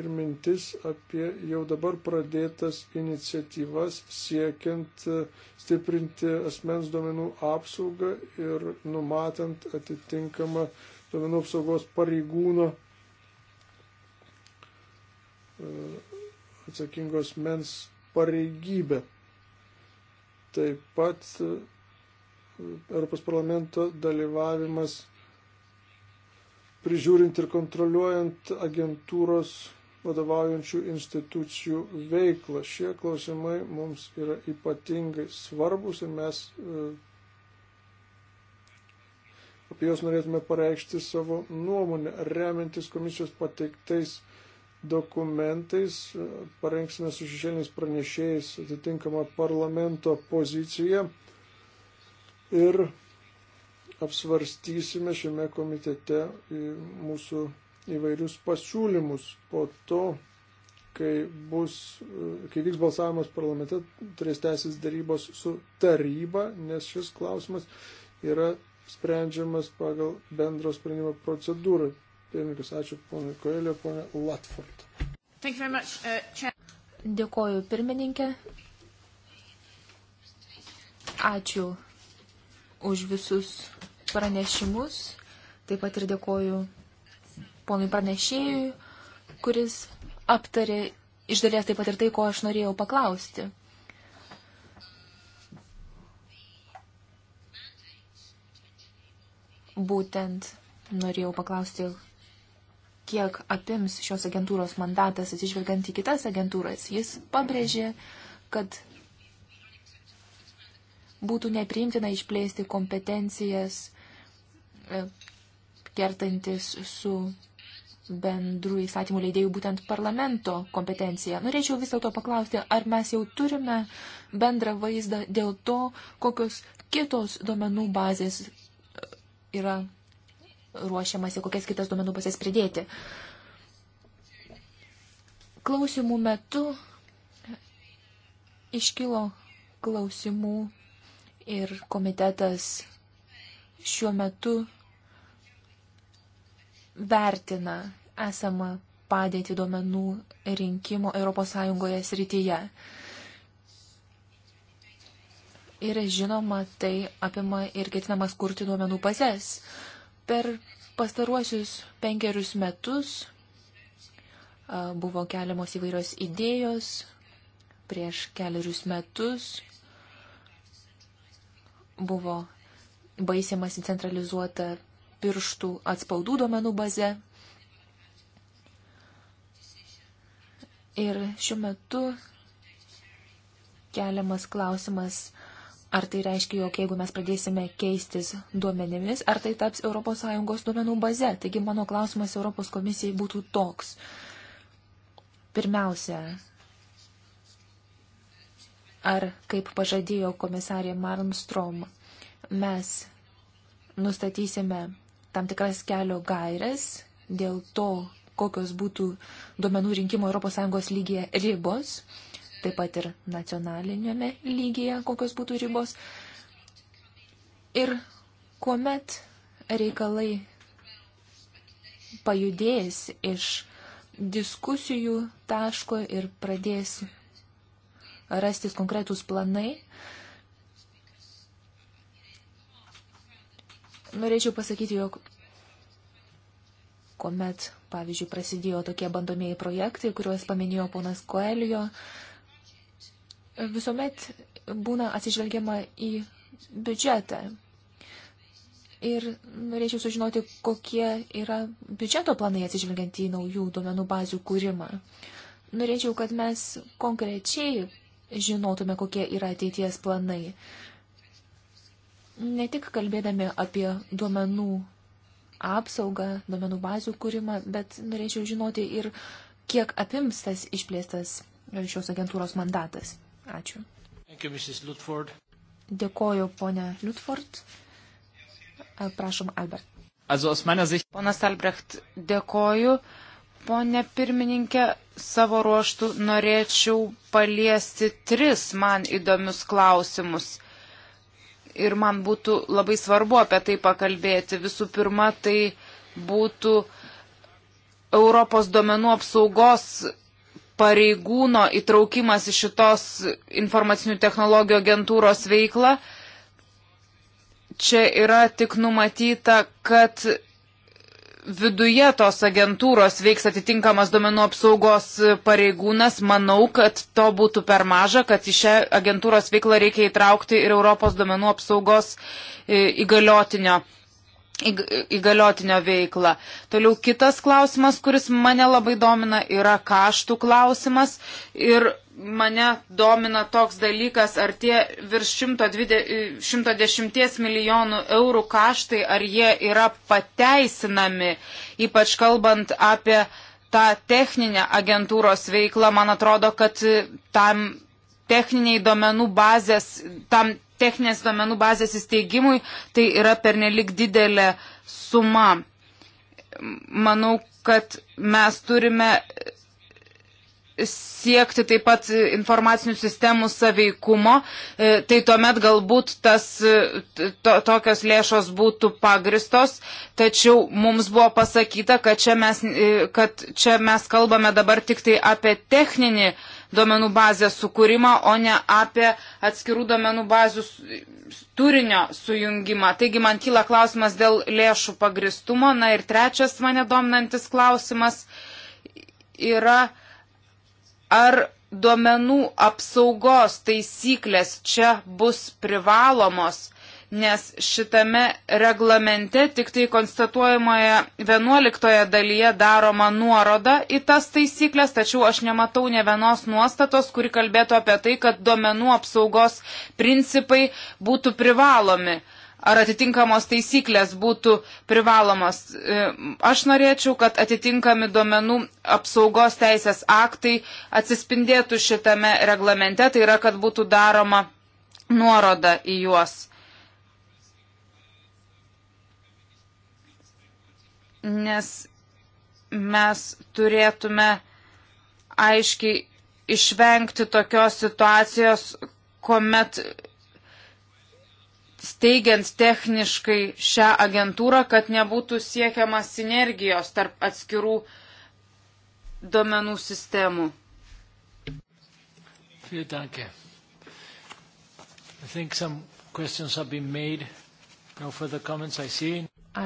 ir mintis apie jau dabar pradėtas iniciatyvas siekiant e, stiprinti asmens duomenų apsaugą ir numatant atitinkamą duomenų apsaugos pareigūno e, atsakingos mens pareigybę. Taip pat Europos parlamento dalyvavimas prižiūrint ir kontroliuojant agentūros vadovaujančių institucijų veiklą. Šie klausimai mums yra ypatingai svarbus ir mes e, apie juos norėtume pareikšti savo nuomonę, remiantis komisijos pateiktais dokumentais, e, parengsime su šešėliniais pranešėjais atitinkamą parlamento poziciją ir apsvarstysime šiame komitete mūsų įvairius pasiūlymus. Po to, kai, bus, kai vyks balsavimas parlamente, turės tęsis darybos su taryba, nes šis klausimas yra sprendžiamas pagal bendro sprendimo procedūrą. Pirmininkas, ačiū ponui Koelio, ponė Latford. Uh, Dėkoju pirmininkė. Ačiū už visus pranešimus. Taip pat ir dėkoju ponui pranešėjui, kuris aptarė iš dalies taip pat ir tai, ko aš norėjau paklausti. Būtent norėjau paklausti, kiek apims šios agentūros mandatas atsižvelgiant į kitas agentūras. Jis pabrėžė, kad būtų nepriimtina išplėsti kompetencijas e, kertantis su bendrų įstatymų leidėjų būtent parlamento kompetencija. Norėčiau vis dėlto paklausti, ar mes jau turime bendrą vaizdą dėl to, kokios kitos duomenų bazės e, yra ruošiamasi, kokias kitas duomenų bazės pridėti. Klausimų metu iškilo klausimų ir komitetas šiuo metu vertina esamą padėtį duomenų rinkimo ES srityje. Ir žinoma, tai apima ir ketinamas kurti duomenų bazės. Per pastaruosius penkerius metus buvo keliamos įvairios idėjos. Prieš keliarius metus buvo baisiamas į centralizuotą pirštų atspaudų duomenų bazę. Ir šiuo metu keliamas klausimas, ar tai reiškia, jog jeigu mes pradėsime keistis duomenimis, ar tai taps ES duomenų baze. Taigi mano klausimas Europos komisijai būtų toks. Pirmiausia, ar, kaip pažadėjo komisarė Marmstrom, mes nustatysime tam tikras kelio gairias dėl to, kokios būtų duomenų rinkimo ES lygyje ribos, taip pat ir nacionalinėme lygyje, kokios būtų ribos. Ir kuomet reikalai pajudės iš diskusijų taško ir pradės rastis konkretūs planai. Norėčiau pasakyti, jog kuomet, pavyzdžiui, prasidėjo tokie bandomieji projektai, kuriuos paminėjo ponas Koelio, visuomet būna atsižvelgiama į biudžetą. Ir norėčiau sužinoti, kokie yra biudžeto planai atsižvelgiant į naujų duomenų bazių kūrimą. Norėčiau, kad mes konkrečiai žinotume, kokie yra ateities planai. Ne tik kalbėdami apie duomenų apsaugą, duomenų bazių kūrimą, bet norėčiau žinoti ir kiek apims tas išplėstas šios agentūros mandatas. Ačiū. You, Dėkoju, ponė Lutford. Prašom, Albert. Also, Sicht... Ponas Albrecht, dėkoju. Pone pirmininkė, savo ruoštų norėčiau paliesti tris man įdomius klausimus. Ir man būtų labai svarbu apie tai pakalbėti. Visų pirma, tai būtų Europos duomenų apsaugos pareigūno įtraukimas į šitos informacinių technologijų agentūros veiklą. Čia yra tik numatyta, kad viduje tos agentūros veiks atitinkamas duomenų apsaugos pareigūnas, manau, kad to būtų per maža, kad į šią agentūros veiklą reikia įtraukti ir Europos duomenų apsaugos e, įgaliotinio įgaliotinio veiklą. Toliau kitas klausimas, kuris mane labai domina, yra kaštų klausimas. Ir mane domina toks dalykas, ar tie virš 110 milijonų eurų kaštai, ar jie yra pateisinami, ypač kalbant apie tą techninę agentūros veiklą. Man atrodo, kad tam techniniai domenų bazės, tam techninės domenų bazės įsteigimui tai yra pernelik didelė suma. Manau, kad mes turime siekti taip pat informacinių sistemų saveikumo, e, tai tuomet galbūt tas, e, to, tokios lėšos būtų pagristos, tačiau mums buvo pasakyta, kad čia mes, e, kad čia mes kalbame dabar tik tai apie techninį duomenų bazės sukūrimą, o ne apie atskirų duomenų bazių turinio sujungimą. Taigi man kyla klausimas dėl lėšų pagristumo. Na ir trečias mane dominantis klausimas yra, Ar duomenų apsaugos taisyklės čia bus privalomos, nes šitame reglamente tik tai konstatuojamoje 11 dalyje daroma nuoroda į tas taisyklės, tačiau aš nematau ne vienos nuostatos, kuri kalbėtų apie tai, kad duomenų apsaugos principai būtų privalomi ar atitinkamos taisyklės būtų privalomos. E, aš norėčiau, kad atitinkami duomenų apsaugos teisės aktai atsispindėtų šitame reglamente, tai yra, kad būtų daroma nuoroda į juos. Nes mes turėtume aiškiai išvengti tokios situacijos, kuomet steigiant techniškai šią agentūrą, kad nebūtų siekiama sinergijos tarp atskirų duomenų sistemų.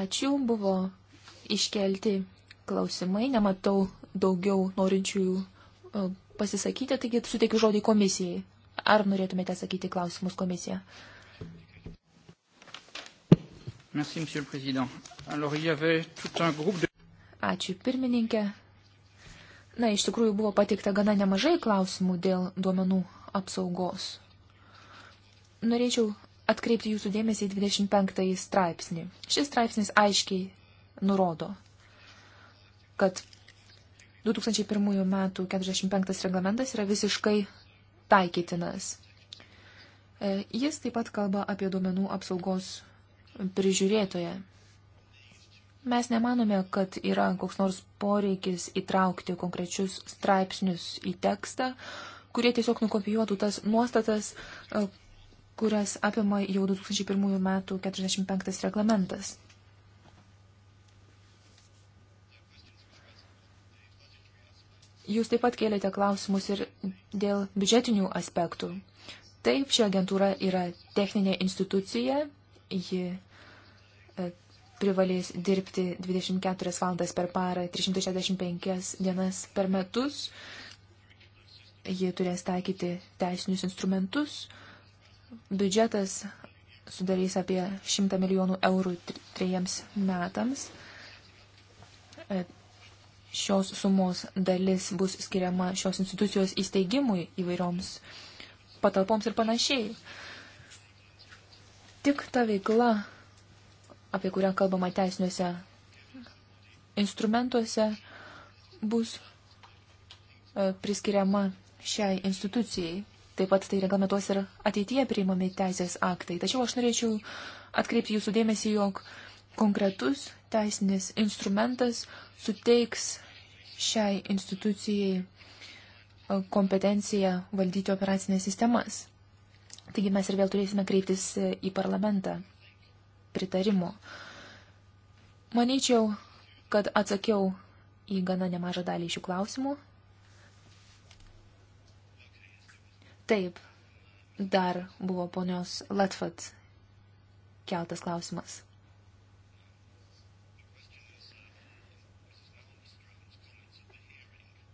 Ačiū, buvo iškelti klausimai, nematau daugiau norinčiųjų e, pasisakyti, taigi suteikiu žodį komisijai. Ar norėtumėte sakyti klausimus komisija? Uh, Merci, Monsieur le Président. Alors, il y avait tout un groupe de... Ačiū, pirmininkė. Na, iš tikrųjų buvo pateikta gana nemažai klausimų dėl duomenų apsaugos. Norėčiau atkreipti jūsų dėmesį į 25 straipsnį. Šis straipsnis aiškiai nurodo, kad 2001 m. 45 reglamentas yra visiškai taikytinas. E, jis taip pat kalba apie duomenų apsaugos prižiūrėtoje. Mes nemanome, kad yra koks nors poreikis įtraukti konkrečius straipsnius į tekstą, kurie tiesiog nukopijuotų tas nuostatas, e, kurias apima jau 2001 metų 45 reglamentas. Jūs taip pat kėlėte klausimus ir dėl biudžetinių aspektų. Taip, ši agentūra yra techninė institucija, ji e, privalės dirbti 24 valandas per parą, 365 dienas per metus. Ji turės taikyti teisinius instrumentus. Biudžetas sudarys apie 100 milijonų eurų trejiems metams. E, šios sumos dalis bus skiriama šios institucijos įsteigimui įvairioms patalpoms ir panašiai tik ta veikla, apie kurią kalbama teisiniuose instrumentuose, bus e, priskiriama šiai institucijai. Taip pat tai reglamentuos ir ateityje priimami teisės aktai. Tačiau aš norėčiau atkreipti jūsų dėmesį, jog konkretus teisinis instrumentas suteiks šiai institucijai e, kompetenciją valdyti operacinės sistemas. Taigi mes ir vėl turėsime kreiptis į parlamentą pritarimo. Manyčiau, kad atsakiau į gana nemažą dalį šių klausimų. Taip, dar buvo ponios Latvat keltas klausimas.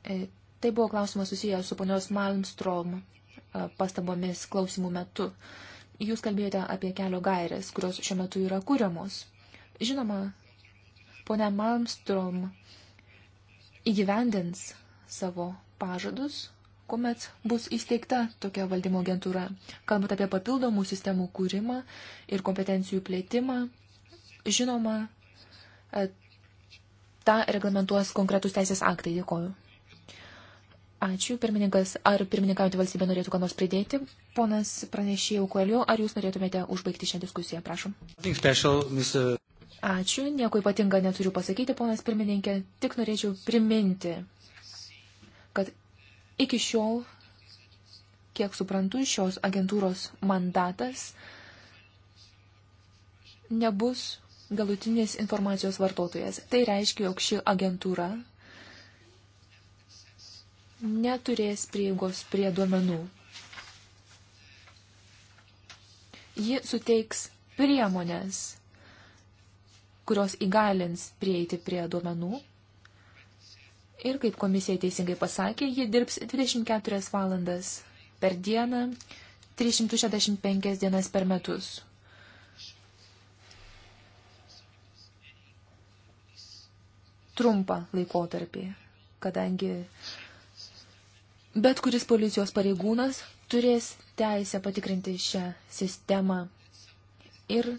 E, tai buvo klausimas susijęs su ponios Malmstrom pastabomis klausimų metu. Jūs kalbėjote apie kelio gairės, kurios šiuo metu yra kūriamos. Žinoma, ponia Malmstrom įgyvendins savo pažadus, kuomet bus įsteigta tokia valdymo agentūra, kalbant apie papildomų sistemų kūrimą ir kompetencijų plėtimą. Žinoma, tą reglamentuos konkretus teisės aktai. Dėkoju. Ačiū, pirmininkas. Ar pirmininkaujantį valstybę norėtų ką nors pridėti? Ponas pranešėjau Kueliu, ar jūs norėtumėte užbaigti šią diskusiją? Prašom. Special, Mr... Ačiū, nieko ypatinga neturiu pasakyti, ponas pirmininkė. Tik norėčiau priminti, kad iki šiol, kiek suprantu, šios agentūros mandatas nebus galutinis informacijos vartotojas. Tai reiškia, jog ši agentūra neturės prieigos prie duomenų. Ji suteiks priemonės, kurios įgalins prieiti prie duomenų. Ir kaip komisija teisingai pasakė, ji dirbs 24 valandas per dieną, 365 dienas per metus. Trumpą laikotarpį, kadangi uh, Bet kuris policijos pareigūnas turės teisę patikrinti šią sistemą ir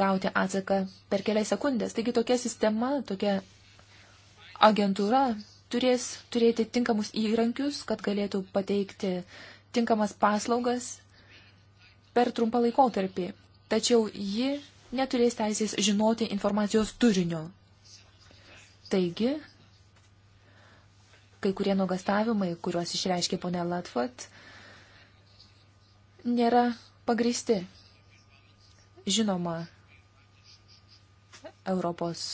gauti atsaką per kelias sekundės. Taigi tokia sistema, tokia agentūra turės turėti tinkamus įrankius, kad galėtų pateikti tinkamas paslaugas per trumpą laikotarpį. Tačiau ji neturės teisės žinoti informacijos turinio. Taigi, kai kurie nuogastavimai, kuriuos išreiškė ponė Latvat, nėra pagristi. Žinoma, Europos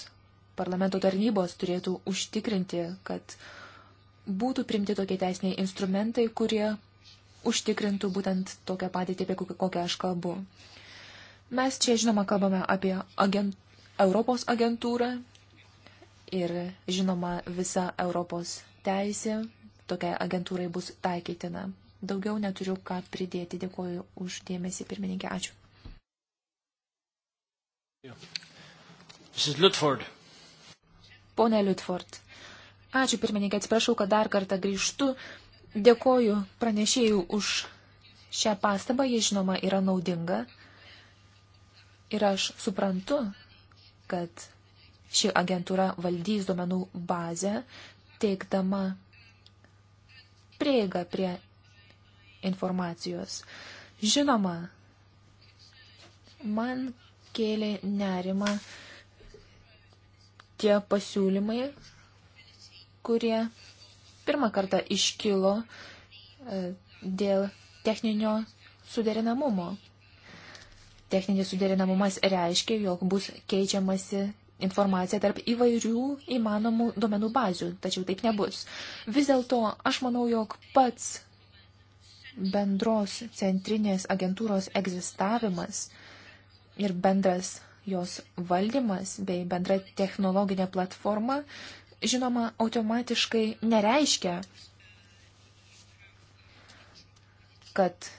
parlamento tarnybos turėtų užtikrinti, kad būtų primti tokie teisiniai instrumentai, kurie užtikrintų būtent tokią padėtį, apie kokią aš kalbu. Mes čia, žinoma, kalbame apie agent... Europos agentūrą ir, žinoma, visą Europos teisė tokiai agentūrai bus taikytina. Daugiau neturiu ką pridėti. Dėkuoju už dėmesį, pirmininkė. Ačiū. Mrs. Lutford. Pone Lutford. Ačiū, pirmininkė. Atsiprašau, kad dar kartą grįžtu. Dėkuoju pranešėjų už šią pastabą. Jie, žinoma, yra naudinga. Ir aš suprantu, kad ši agentūra valdys duomenų bazę, teikdama prieigą prie informacijos. Žinoma, man kėlė nerima tie pasiūlymai, kurie pirmą kartą iškilo e, dėl techninio suderinamumo. Techninis suderinamumas reiškia, jog bus keičiamasi informaciją tarp įvairių įmanomų duomenų bazių, tačiau taip nebus. Vis dėlto aš manau, jog pats bendros centrinės agentūros egzistavimas ir bendras jos valdymas bei bendra technologinė platforma, žinoma, automatiškai nereiškia, kad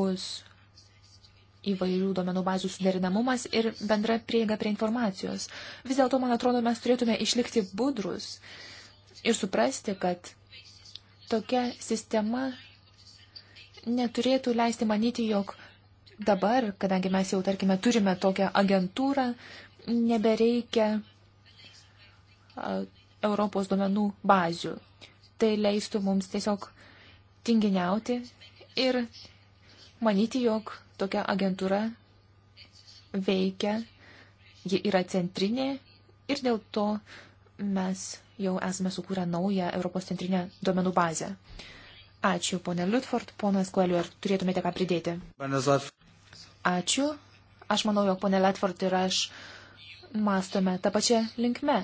bus įvairių duomenų bazių suderinamumas ir bendra prieiga prie informacijos. Vis dėlto, man atrodo, mes turėtume išlikti budrus ir suprasti, kad tokia sistema neturėtų leisti manyti, jog dabar, kadangi mes jau, tarkime, turime tokią agentūrą, nebereikia Europos duomenų bazių. Tai leistų mums tiesiog tinginiauti ir manyti, jog Tokia agentūra veikia, ji yra centrinė ir dėl to mes jau esame sukūrę naują Europos centrinę duomenų bazę. Ačiū, ponė Liutford, ponas Kueliu, ar turėtumėte ką pridėti? Ačiū. Aš manau, jog ponė Liutford ir aš mastome tą pačią linkmę.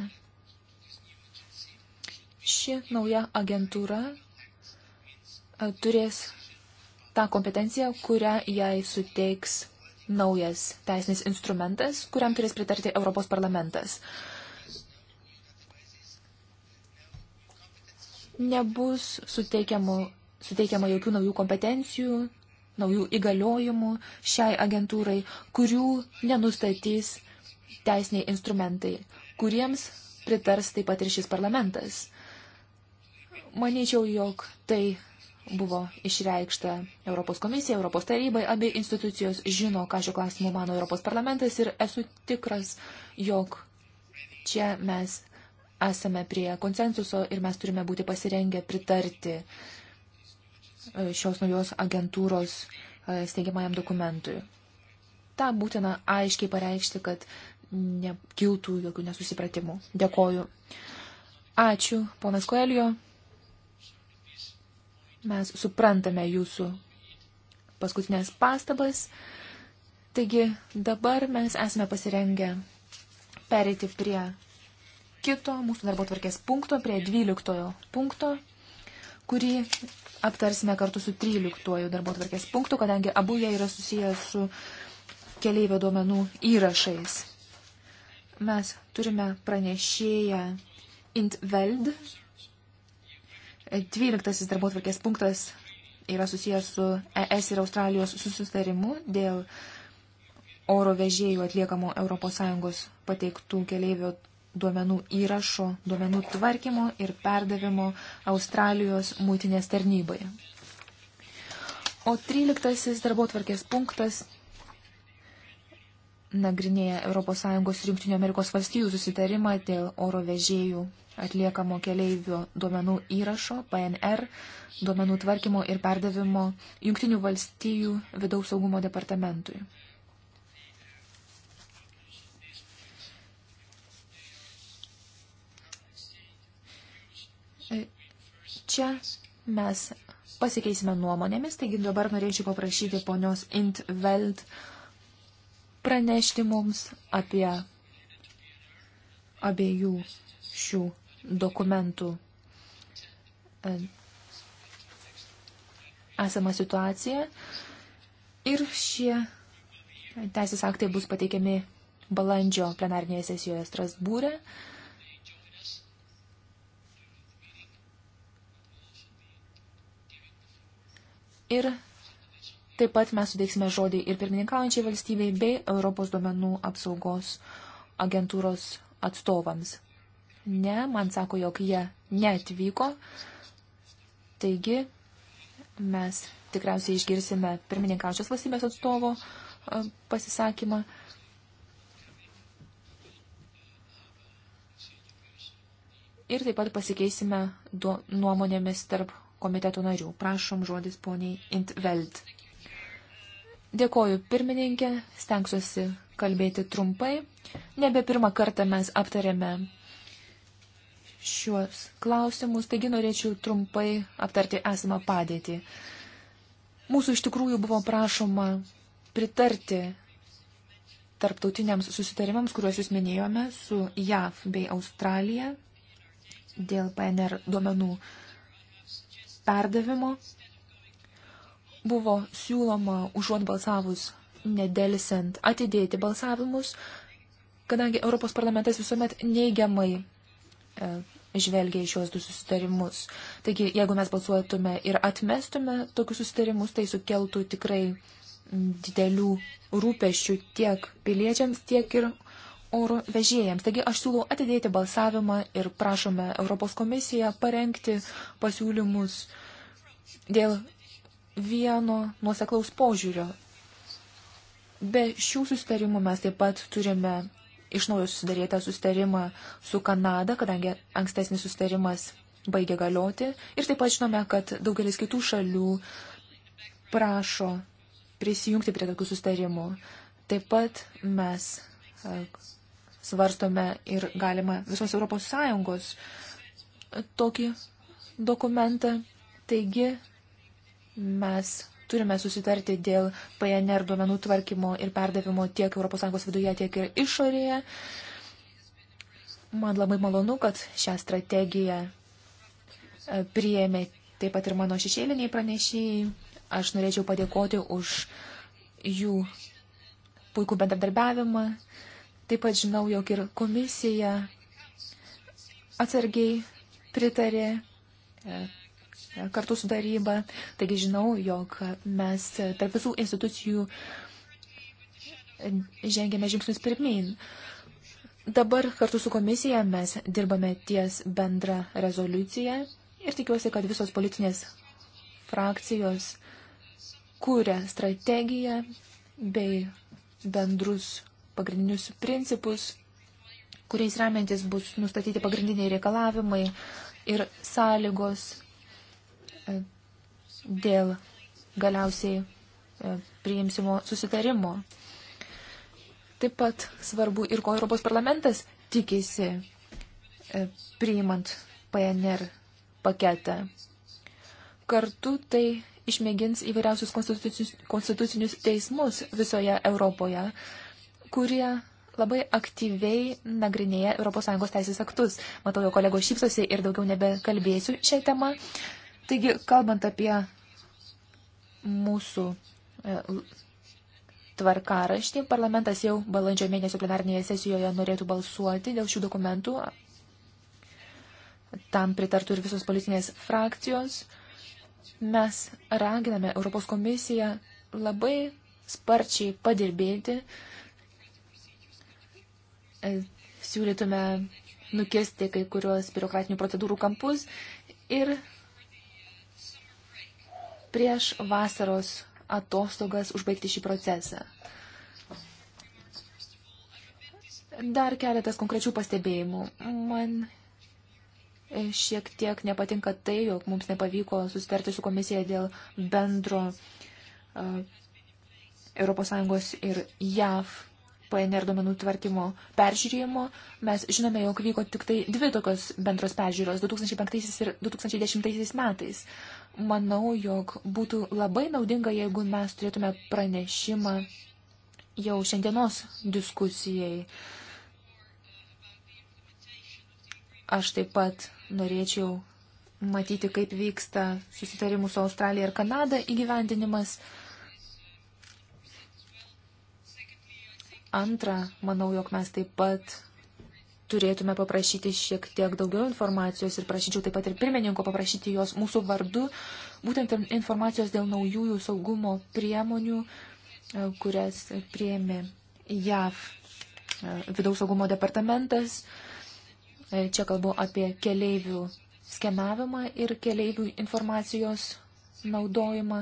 Ši nauja agentūra e, turės tą kompetenciją, kurią jai suteiks naujas teisinis instrumentas, kuriam turės pritarti Europos parlamentas. Nebus suteikiamų, suteikiama jokių naujų kompetencijų, naujų įgaliojimų šiai agentūrai, kurių nenustatys teisiniai instrumentai, kuriems pritars taip pat ir šis parlamentas. Manyčiau, jog tai buvo išreikšta Europos komisija, Europos tarybai, abi institucijos žino, ką šiuo klausimu mano Europos parlamentas ir esu tikras, jog čia mes esame prie konsensuso ir mes turime būti pasirengę pritarti e, šios naujos agentūros e, steigiamajam dokumentui. Ta būtina aiškiai pareikšti, kad nekiltų jokių nesusipratimų. Dėkoju. Ačiū, ponas Koelio. Mes suprantame jūsų paskutinės pastabas. Taigi dabar mes esame pasirengę pereiti prie kito mūsų darbo tvarkės punkto, prie 12 punkto, kurį aptarsime kartu su 13 darbo tvarkės punktu, kadangi abu jie yra susiję su keleivio duomenų įrašais. Mes turime pranešėją Intveld, Dvyliktasis darbotvarkės punktas yra susijęs su ES ir Australijos susitarimu dėl oro vežėjų atliekamo ES pateiktų keleivio duomenų įrašo, duomenų tvarkymo ir perdavimo Australijos mūtinės tarnyboje. O 13 darbo tvarkės punktas nagrinėja ES ir Junktinių Amerikos valstijų susitarimą dėl oro vežėjų atliekamo keleivių duomenų įrašo, PNR, duomenų tvarkymo ir perdavimo Junktinių valstijų vidaus saugumo departamentui. Čia mes pasikeisime nuomonėmis, taigi dabar norėčiau paprašyti ponios Intveld pranešti mums apie abiejų šių dokumentų e, esamą situaciją. Ir šie teisės aktai bus pateikiami balandžio plenarnėje sesijoje Strasbūrė. Ir Taip pat mes suteiksime žodį ir pirmininkaujančiai valstybei bei Europos duomenų apsaugos agentūros atstovams. Ne, man sako, jog jie neatvyko. Taigi, mes tikriausiai išgirsime pirmininkaujančios valstybės atstovo e, pasisakymą. Ir taip pat pasikeisime nuomonėmis tarp komiteto narių. Prašom žodis poniai Intveld. Dėkoju pirmininkė, stengsiuosi kalbėti trumpai. Nebe pirmą kartą mes aptarėme šiuos klausimus, taigi norėčiau trumpai aptarti esamą padėtį. Mūsų iš tikrųjų buvo prašoma pritarti tarptautiniams susitarimams, kuriuos jūs minėjome su JAV bei Australija dėl PNR duomenų perdavimo buvo siūloma užuot balsavus nedelsiant atidėti balsavimus, kadangi Europos parlamentas visuomet neigiamai e, žvelgia į šios du susitarimus. Taigi, jeigu mes balsuotume ir atmestume tokius susitarimus, tai sukeltų tikrai didelių rūpeščių tiek piliečiams, tiek ir oro vežėjams. Taigi aš siūlau atidėti balsavimą ir prašome Europos komisiją parengti pasiūlymus dėl vieno nuoseklaus požiūrio. Be šių sustarimų mes taip pat turime iš naujo susidarėtą sustarimą su Kanada, kadangi ankstesnis sustarimas baigė galioti. Ir taip pat žinome, kad daugelis kitų šalių prašo prisijungti prie tokių sustarimų. Taip pat mes e, svarstome ir galima visos Europos Sąjungos tokį dokumentą. Taigi Mes turime susitarti dėl PNR duomenų tvarkymo ir perdavimo tiek ES viduje, tiek ir išorėje. Man labai malonu, kad šią strategiją e, priėmė taip pat ir mano šešėliniai pranešėjai. Aš norėčiau padėkoti už jų puikų bendradarbiavimą. Taip pat žinau, jog ir komisija atsargiai pritarė e, kartu su daryba. Taigi žinau, jog mes tarp visų institucijų žengėme žingsnius pirmin. Dabar kartu su komisija mes dirbame ties bendrą rezoliuciją ir tikiuosi, kad visos politinės frakcijos kūrė strategiją bei bendrus pagrindinius principus, kuriais remiantis bus nustatyti pagrindiniai reikalavimai ir sąlygos E, dėl galiausiai e, priimsimo susitarimo. Taip pat svarbu ir ko Europos parlamentas tikisi e, priimant PNR paketą. Kartu tai išmėgins įvairiausius konstitucinius, konstitucinius teismus visoje Europoje, kurie labai aktyviai nagrinėja ES teisės aktus. Matau, jo kolego šypsosi ir daugiau nebekalbėsiu šią temą. Taigi, kalbant apie mūsų e, tvarkaraštį, parlamentas jau balandžio mėnesio plenarnėje sesijoje norėtų balsuoti dėl šių dokumentų. Tam pritartų ir visos politinės frakcijos. Mes raginame Europos komisiją labai sparčiai padirbėti. E, siūlytume nukesti kai kuriuos biurokratinių procedūrų kampus ir prieš vasaros atostogas užbaigti šį procesą. Dar keletas konkrečių pastebėjimų. Man šiek tiek nepatinka tai, jog mums nepavyko susitarti su komisija dėl bendro uh, ES ir JAV PNR duomenų tvarkymo peržiūrėjimo. Mes žinome, jog vyko tik tai dvi tokios bendros peržiūros - 2005 ir 2010 metais manau, jog būtų labai naudinga, jeigu mes turėtume pranešimą jau šiandienos diskusijai. Aš taip pat norėčiau matyti, kaip vyksta susitarimų su Australija ir Kanada įgyvendinimas. Antra, manau, jog mes taip pat turėtume paprašyti šiek tiek daugiau informacijos ir prašyčiau taip pat ir pirmininko paprašyti jos mūsų vardu, būtent informacijos dėl naujųjų saugumo priemonių, e, kurias prieimė JAV e, vidaus saugumo departamentas. E, čia kalbu apie keleivių skenavimą ir keleivių informacijos naudojimą,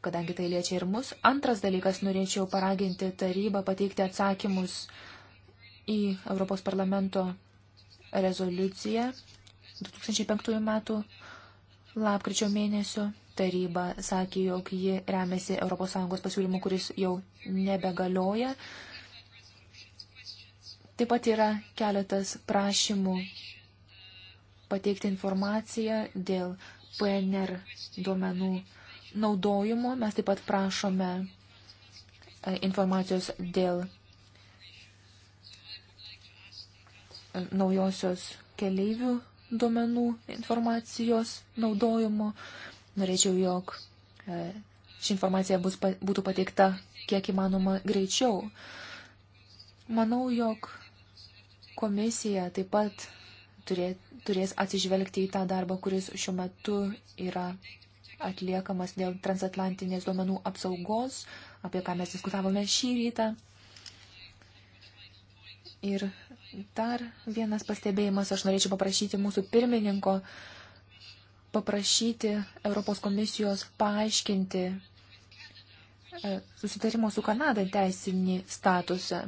kadangi tai liečia ir mus. Antras dalykas, norėčiau paraginti tarybą pateikti atsakymus į Europos parlamento rezoliuciją 2005 metų lapkričio mėnesio taryba sakė, jog ji remiasi ES pasiūlymu, kuris jau nebegalioja. Taip pat yra keletas prašymų pateikti informaciją dėl PNR duomenų naudojimo. Mes taip pat prašome e, informacijos dėl naujosios keleivių duomenų informacijos naudojimo. Norėčiau, jog e, ši informacija bus, būtų pateikta kiek įmanoma greičiau. Manau, jog komisija taip pat turė, turės atsižvelgti į tą darbą, kuris šiuo metu yra atliekamas dėl transatlantinės duomenų apsaugos, apie ką mes diskutavome šį rytą. Ir Dar vienas pastebėjimas, aš norėčiau paprašyti mūsų pirmininko, paprašyti Europos komisijos paaiškinti e, susitarimo su Kanada teisinį statusą.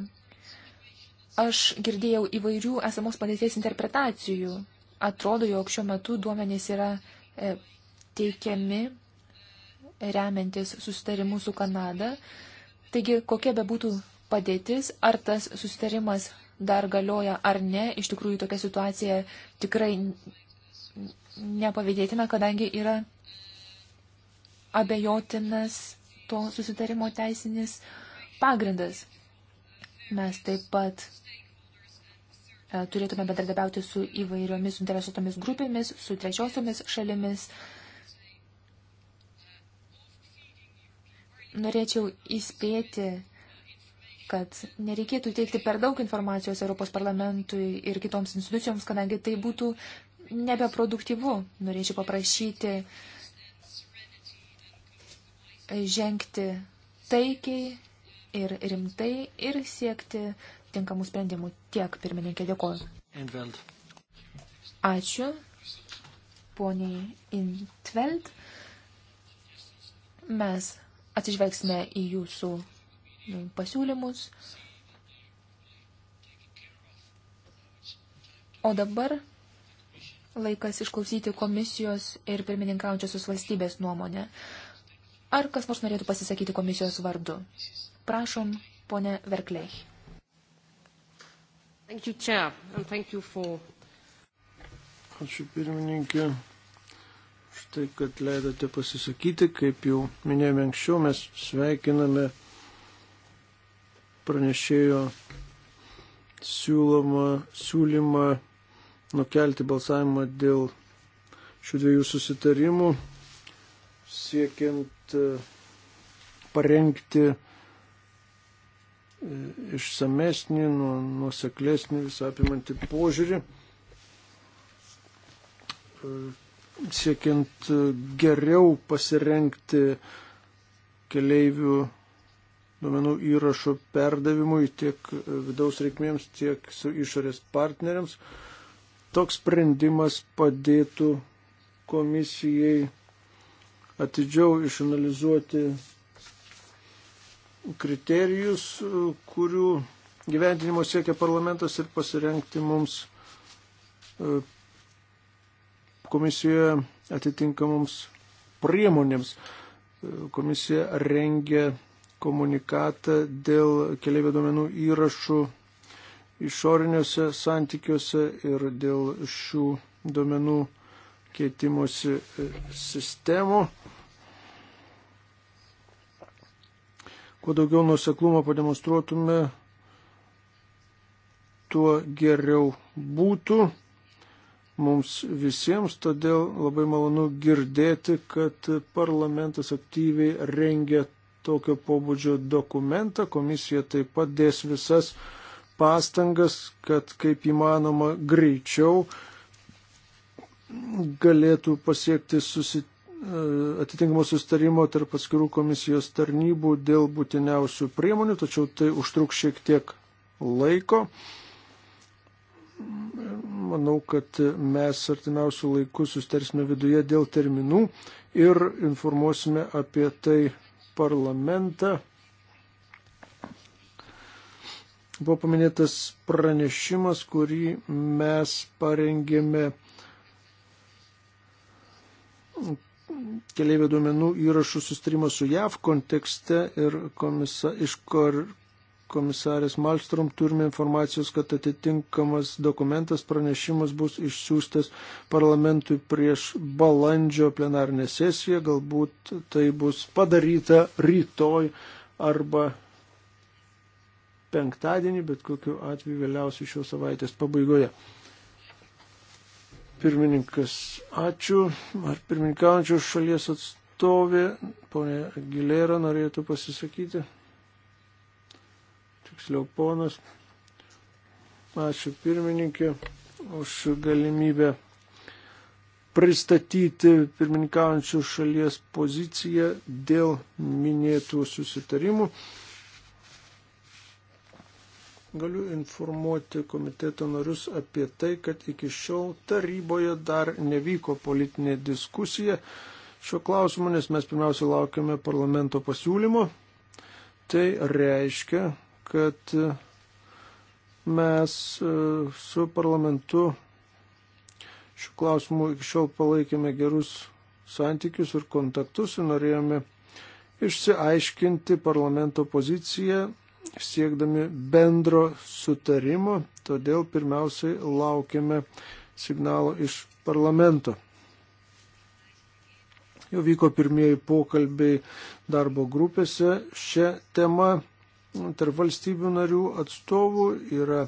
Aš girdėjau įvairių esamos padėties interpretacijų. Atrodo, jog šiuo metu duomenys yra e, teikiami remiantis susitarimu su Kanada. Taigi, kokia be būtų padėtis, ar tas susitarimas dar galioja ar ne, iš tikrųjų tokia situacija tikrai nepavydėtina, kadangi yra abejotinas to susitarimo teisinis pagrindas. Mes taip pat e, turėtume bendradarbiauti su įvairiomis interesuotomis grupėmis, su trečiosiomis šalimis. Norėčiau įspėti kad nereikėtų teikti per daug informacijos Europos parlamentui ir kitoms institucijoms, kadangi tai būtų nebeproduktyvu. Norėčiau paprašyti žengti taikiai ir rimtai ir siekti tinkamų sprendimų. Tiek, pirmininkė, dėkoju. Entveld. Ačiū, poniai Intveld. Mes atsižvelgsime į jūsų pasiūlymus. O dabar laikas išklausyti komisijos ir pirmininkaujančiosios valstybės nuomonę. Ar kas nors norėtų pasisakyti komisijos vardu? Prašom, ponė Verklei. Thank you, Chair, and thank you for... Ačiū pirmininkė, štai kad leidote pasisakyti, kaip jau minėjome anksčiau, mes sveikiname pranešėjo siūloma, siūlymą nukelti balsavimą dėl šių dviejų susitarimų, siekiant e, parengti e, išsamesnį, nu, nuoseklesnį, visą apimantį požiūrį, e, siekiant geriau pasirengti keleivių duomenų įrašų perdavimui tiek vidaus reikmėms, tiek su išorės partneriams. Toks sprendimas padėtų komisijai atidžiau išanalizuoti kriterijus, kurių gyventinimo siekia parlamentas ir pasirenkti mums e, komisijoje atitinkamoms priemonėms. E, komisija rengia komunikatą dėl keliaivių duomenų įrašų išoriniuose santykiuose ir dėl šių duomenų keitimosi e, sistemų. Kuo daugiau nuseklumo pademonstruotume, tuo geriau būtų mums visiems, todėl labai malonu girdėti, kad parlamentas aktyviai rengia tokio pobūdžio dokumentą. Komisija taip pat dės visas pastangas, kad kaip įmanoma greičiau galėtų pasiekti susitikimą e, atitinkamo sustarimo tarp atskirų komisijos tarnybų dėl būtiniausių priemonių, tačiau tai užtruks šiek tiek laiko. Manau, kad mes artimiausių laikų sustarsime viduje dėl terminų ir informuosime apie tai parlamentą. Buvo paminėtas pranešimas, kurį mes parengėme keliaivių duomenų įrašų sustarimo su JAV kontekste ir komisa, iš kor, komisarės Malstrom turime informacijos, kad atitinkamas dokumentas pranešimas bus išsiųstas parlamentui prieš balandžio plenarinę sesiją. Galbūt tai bus padaryta rytoj arba penktadienį, bet kokiu atveju vėliausiai šios savaitės pabaigoje. Pirmininkas, ačiū. Ar pirmininkaujančios šalies atstovė, ponė Gilera, norėtų pasisakyti? tiksliau ponas. Ačiū pirmininkė už galimybę pristatyti pirmininkaujančių šalies poziciją dėl minėtų susitarimų. Galiu informuoti komiteto narius apie tai, kad iki šiol taryboje dar nevyko politinė diskusija šio klausimu, nes mes pirmiausia laukiame parlamento pasiūlymo. Tai reiškia, kad mes e, su parlamentu šių klausimų iki šiol palaikėme gerus santykius ir kontaktus ir norėjome išsiaiškinti parlamento poziciją siekdami bendro sutarimo, todėl pirmiausiai laukiame signalo iš parlamento. Jau vyko pirmieji pokalbiai darbo grupėse šią temą Nu, tarp valstybių narių atstovų yra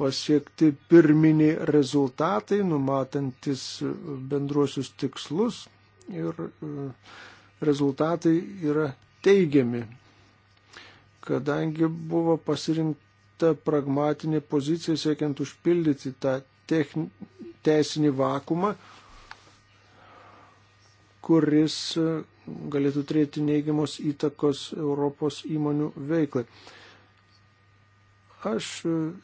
pasiekti pirminiai rezultatai, numatantis bendruosius tikslus ir e, rezultatai yra teigiami, kadangi buvo pasirinkta pragmatinė pozicija siekiant užpildyti tą techn... teisinį vakumą, kuris e, galėtų turėti neigiamos įtakos Europos įmonių veiklai. Aš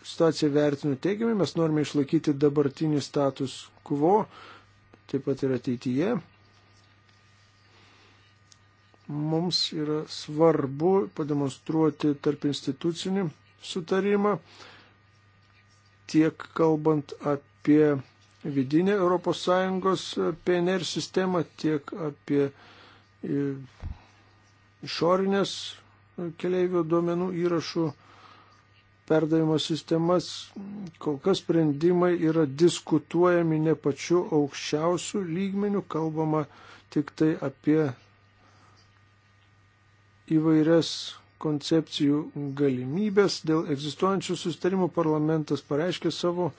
situaciją vertinu teigiamai, mes norime išlaikyti dabartinį status quo, taip pat ir ateityje. Mums yra svarbu pademonstruoti tarp institucinį sutarimą, tiek kalbant apie vidinę ES PNR sistemą, tiek apie uh, išorinės keliaivių duomenų įrašų perdavimo sistemas, kol kas sprendimai yra diskutuojami ne pačiu aukščiausiu lygmeniu, kalbama tik tai apie įvairias koncepcijų galimybės. Dėl egzistuojančių sustarimų parlamentas pareiškė savo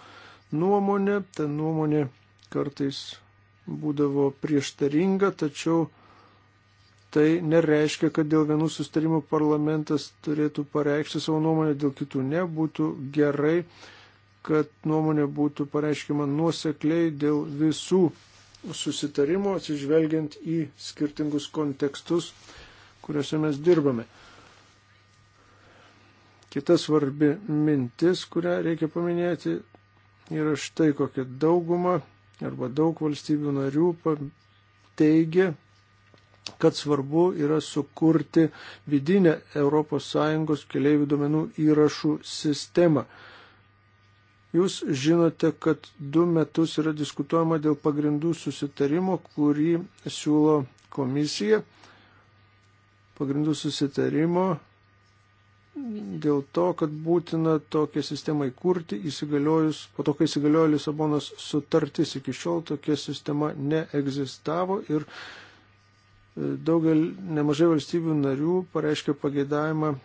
nuomonę, ta nuomonė kartais būdavo prieštaringa, tačiau tai nereiškia, kad dėl vienų sustarimų parlamentas turėtų pareikšti savo nuomonę, dėl kitų ne. Būtų gerai, kad nuomonė būtų pareiškima nuosekliai dėl visų susitarimų, atsižvelgiant į skirtingus kontekstus, kuriuose mes dirbame. Kita svarbi mintis, kurią reikia paminėti, yra štai kokia dauguma arba daug valstybių narių teigia, kad svarbu yra sukurti vidinę ES keliaivių duomenų įrašų sistemą. Jūs žinote, kad du metus yra diskutuojama dėl pagrindų susitarimo, kurį siūlo komisija. Pagrindų susitarimo dėl to, kad būtina tokią sistemą įkurti, įsigaliojus, po to, kai įsigaliojo Lisabonos sutartis, iki šiol tokia sistema neegzistavo ir Daugel nemažai valstybių narių pareiškia pageidavimą e,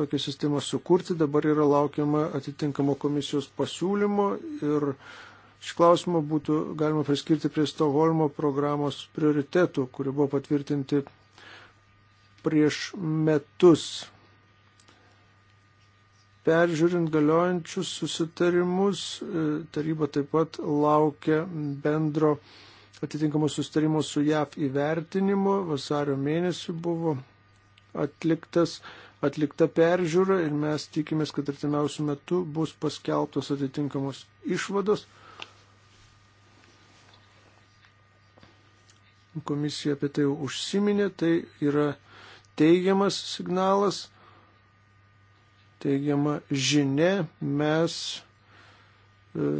tokią sistemą sukurti. Dabar yra laukiama atitinkamo komisijos pasiūlymo ir šį klausimą būtų galima priskirti prie Stoholmo programos prioritetų, kurie buvo patvirtinti prieš metus. Peržiūrint galiojančius susitarimus, e, taryba taip pat laukia bendro atitinkamo sustarimo su JAV įvertinimo. Vasario mėnesį buvo atliktas, atlikta peržiūra ir mes tikimės, kad artimiausių metų bus paskelbtos atitinkamos išvados. Komisija apie tai jau užsiminė, tai yra teigiamas signalas, teigiama žinia, mes e,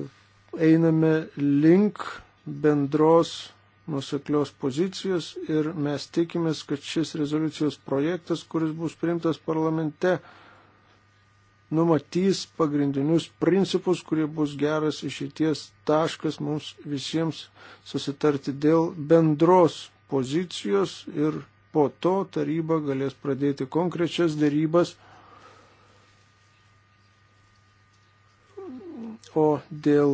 einame link bendros nuseklios pozicijos ir mes tikimės, kad šis rezoliucijos projektas, kuris bus priimtas parlamente, numatys pagrindinius principus, kurie bus geras išeities taškas mums visiems susitarti dėl bendros pozicijos ir po to taryba galės pradėti konkrečias dėrybas O dėl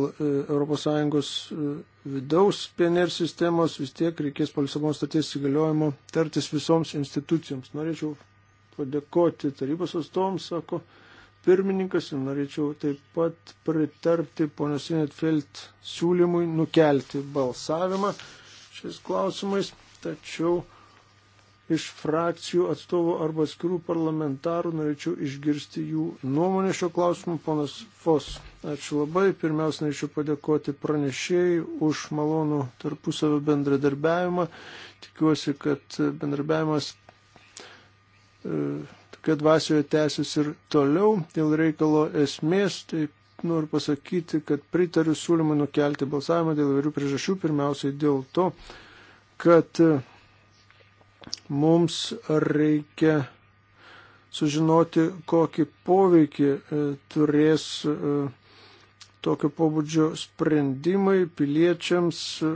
ES e, vidaus PNR sistemos vis tiek reikės po Lisabonos staties įgaliojimo tartis visoms institucijoms. Norėčiau padėkoti tarybos atstovams, sako pirmininkas, ir norėčiau taip pat pritarti ponios Inetfeld siūlymui nukelti balsavimą šiais klausimais, tačiau iš frakcijų atstovų arba skirų parlamentarų norėčiau išgirsti jų nuomonę šio klausimu, ponas Fos. Ačiū labai. Pirmiausia, norėčiau padėkoti pranešėjai už malonų tarpusavio bendradarbiavimą. Tikiuosi, kad bendradarbiavimas tokia e, dvasioje tęsis ir toliau. Dėl reikalo esmės, tai noriu pasakyti, kad pritariu siūlymui nukelti balsavimą dėl vairių priežasčių. Pirmiausiai dėl to, kad Mums reikia sužinoti, kokį poveikį e, turės e, tokio pobūdžio sprendimai piliečiams, e,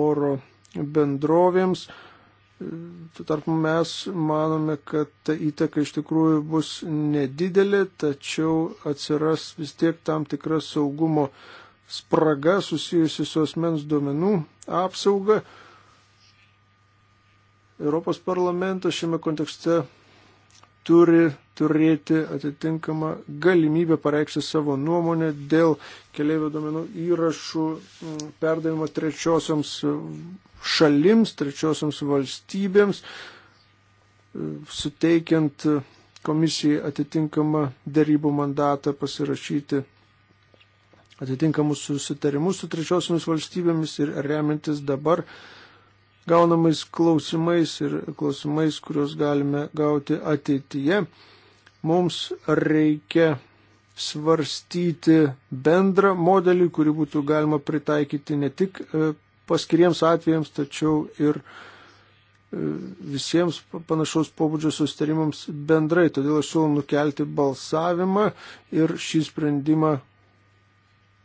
oro bendrovėms. Tuo tarpu mes manome, kad ta įtaka iš tikrųjų bus nedidelė, tačiau atsiras vis tiek tam tikra saugumo spraga susijusi su asmens duomenų apsauga. Europos parlamentas šiame kontekste turi turėti atitinkamą galimybę pareikšti savo nuomonę dėl keliaivių domenų įrašų mm, perdavimo trečiosiams šalims, trečiosiams valstybėms, suteikiant komisijai atitinkamą darybų mandatą pasirašyti atitinkamus susitarimus su trečiosiomis valstybėmis ir remintis dabar gaunamais klausimais ir klausimais, kuriuos galime gauti ateityje, mums reikia svarstyti bendrą modelį, kurį būtų galima pritaikyti ne tik e, paskiriems atvejams, tačiau ir e, visiems panašaus pobūdžio sustarimams bendrai. Todėl aš siūlau nukelti balsavimą ir šį sprendimą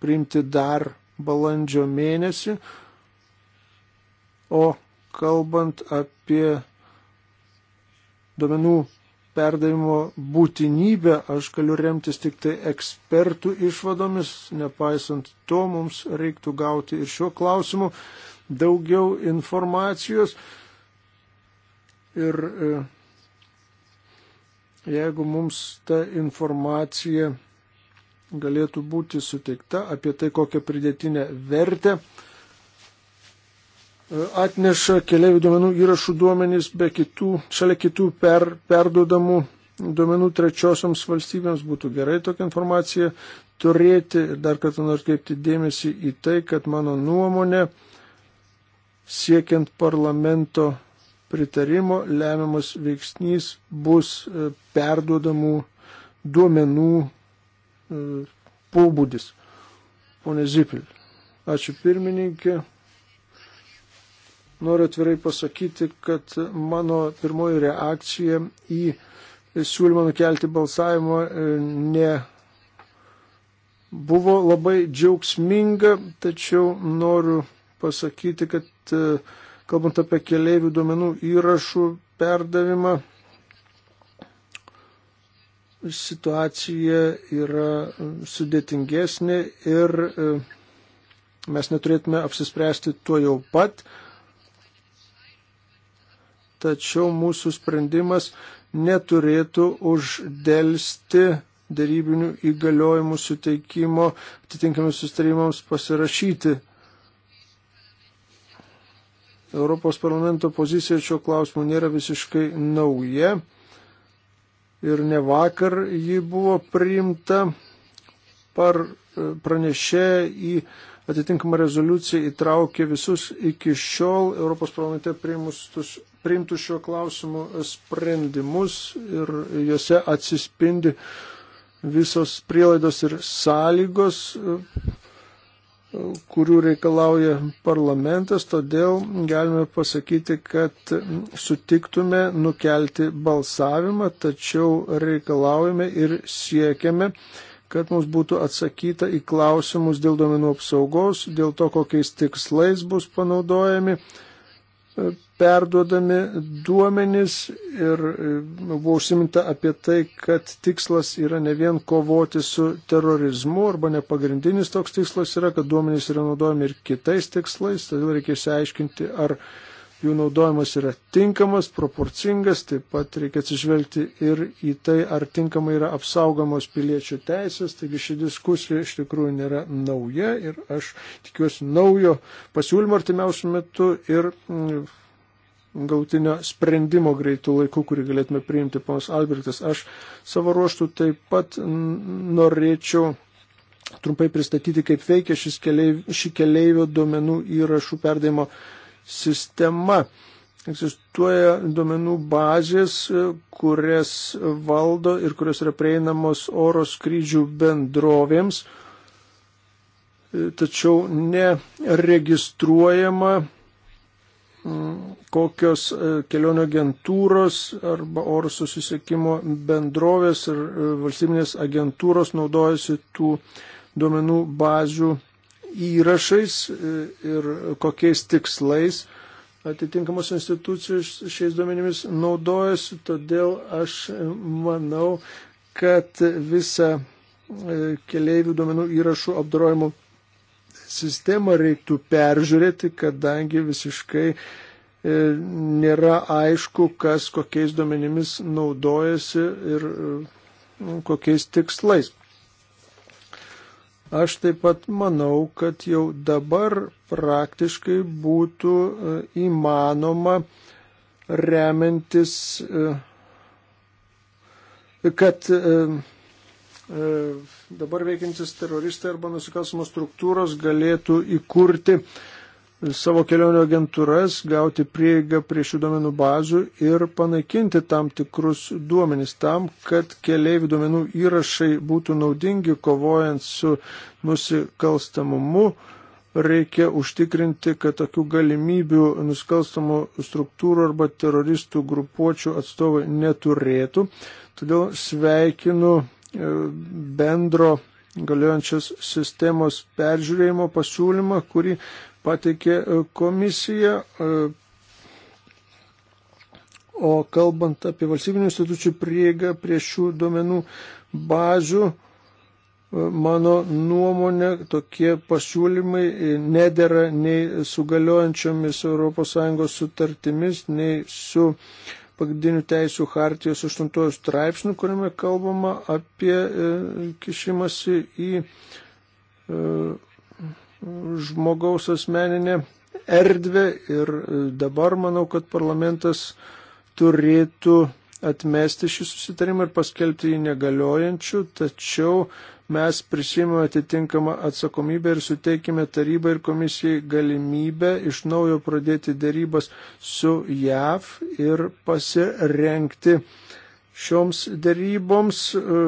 priimti dar balandžio mėnesį. O kalbant apie duomenų perdavimo būtinybę, aš galiu remtis tik tai ekspertų išvadomis, nepaisant to mums reiktų gauti ir šiuo klausimu daugiau informacijos. Ir e, jeigu mums ta informacija galėtų būti suteikta apie tai, kokią pridėtinę vertę E, atneša keliaivių duomenų įrašų duomenys be kitų, šalia kitų per, perdodamų duomenų trečiosiams valstybėms būtų gerai tokią informaciją turėti ir dar kartą noriu kreipti dėmesį į tai, kad mano nuomonė siekiant parlamento pritarimo lemiamas veiksnys bus e, perduodamų duomenų e, pobūdis. Pone Zipil, ačiū pirmininkė. Noriu atvirai pasakyti, kad mano pirmoji reakcija į siūlymą nukelti balsavimą e, ne buvo labai džiaugsminga, tačiau noriu pasakyti, kad e, kalbant apie keliaivių duomenų įrašų perdavimą, situacija yra sudėtingesnė ir e, mes neturėtume apsispręsti tuo jau pat, tačiau mūsų sprendimas neturėtų uždelsti darybinių įgaliojimų suteikimo atitinkamus sustarimams pasirašyti. Europos parlamento pozicija šio klausimu nėra visiškai nauja ir ne vakar ji buvo priimta par e, pranešė į atitinkamą rezoliuciją įtraukė visus iki šiol Europos parlamente priimustus priimtų šio klausimu sprendimus ir juose atsispindi visos prielaidos ir sąlygos, kurių reikalauja parlamentas, todėl galime pasakyti, kad sutiktume nukelti balsavimą, tačiau reikalaujame ir siekiame, kad mums būtų atsakyta į klausimus dėl duomenų apsaugos, dėl to, kokiais tikslais bus panaudojami perduodami duomenys ir e, buvo užsiminta apie tai, kad tikslas yra ne vien kovoti su terorizmu, arba ne pagrindinis toks tikslas yra, kad duomenys yra naudojami ir kitais tikslais, todėl reikia išsiaiškinti, ar jų naudojimas yra tinkamas, proporcingas, taip pat reikia atsižvelgti ir į tai, ar tinkamai yra apsaugomos piliečių teisės, taigi ši diskusija iš tikrųjų nėra nauja ir aš tikiuosi naujo pasiūlymo artimiausių metų ir. Mm, gautinio sprendimo greitų laikų, kurį galėtume priimti, ponas Albertas. Aš savo ruoštų taip pat norėčiau trumpai pristatyti, kaip veikia keleiv, ši keleivio duomenų įrašų perdavimo sistema. Egzistuoja duomenų bazės, kurias valdo ir kurios yra prieinamos oro skrydžių bendrovėms, tačiau neregistruojama Mm, kokios e, kelionio agentūros arba oro susisiekimo bendrovės ir e, valstybinės agentūros naudojasi tų duomenų bazių įrašais e, ir kokiais tikslais atitinkamos institucijos šiais duomenimis naudojasi. Todėl aš manau, kad visą keliaivių duomenų įrašų apdarojimo sistemą reiktų peržiūrėti, kadangi visiškai e, nėra aišku, kas kokiais duomenimis naudojasi ir e, kokiais tikslais. Aš taip pat manau, kad jau dabar praktiškai būtų e, įmanoma remiantis, kad E, dabar veikiantis teroristai arba nusikalstamos struktūros galėtų įkurti savo kelionių agentūras, gauti prieigą prie šių duomenų bazų ir panaikinti tam tikrus duomenys tam, kad keliaivių duomenų įrašai būtų naudingi kovojant su nusikalstamumu. Reikia užtikrinti, kad tokių galimybių nusikalstamų struktūrų arba teroristų grupuočių atstovai neturėtų. Todėl sveikinu E, bendro galiojančios sistemos peržiūrėjimo pasiūlymą, kurį pateikė e, komisija. E, o kalbant apie valstybinių institucijų prieigą prie šių duomenų bazių, mano nuomonė, tokie pasiūlymai nedėra nei su galiojančiomis ES sutartimis, nei su uh, pagrindinių teisų hartijos 8 straipsnių, kuriame kalbama apie e, kišimasi į e, žmogaus asmeninę erdvę ir e, dabar manau, kad parlamentas turėtų atmesti šį susitarimą ir paskelbti jį negaliojančiu, tačiau uh, mes prisimame atitinkamą atsakomybę ir suteikime tarybai ir komisijai galimybę iš naujo pradėti dėrybas su JAV ir pasirenkti šioms dėryboms e,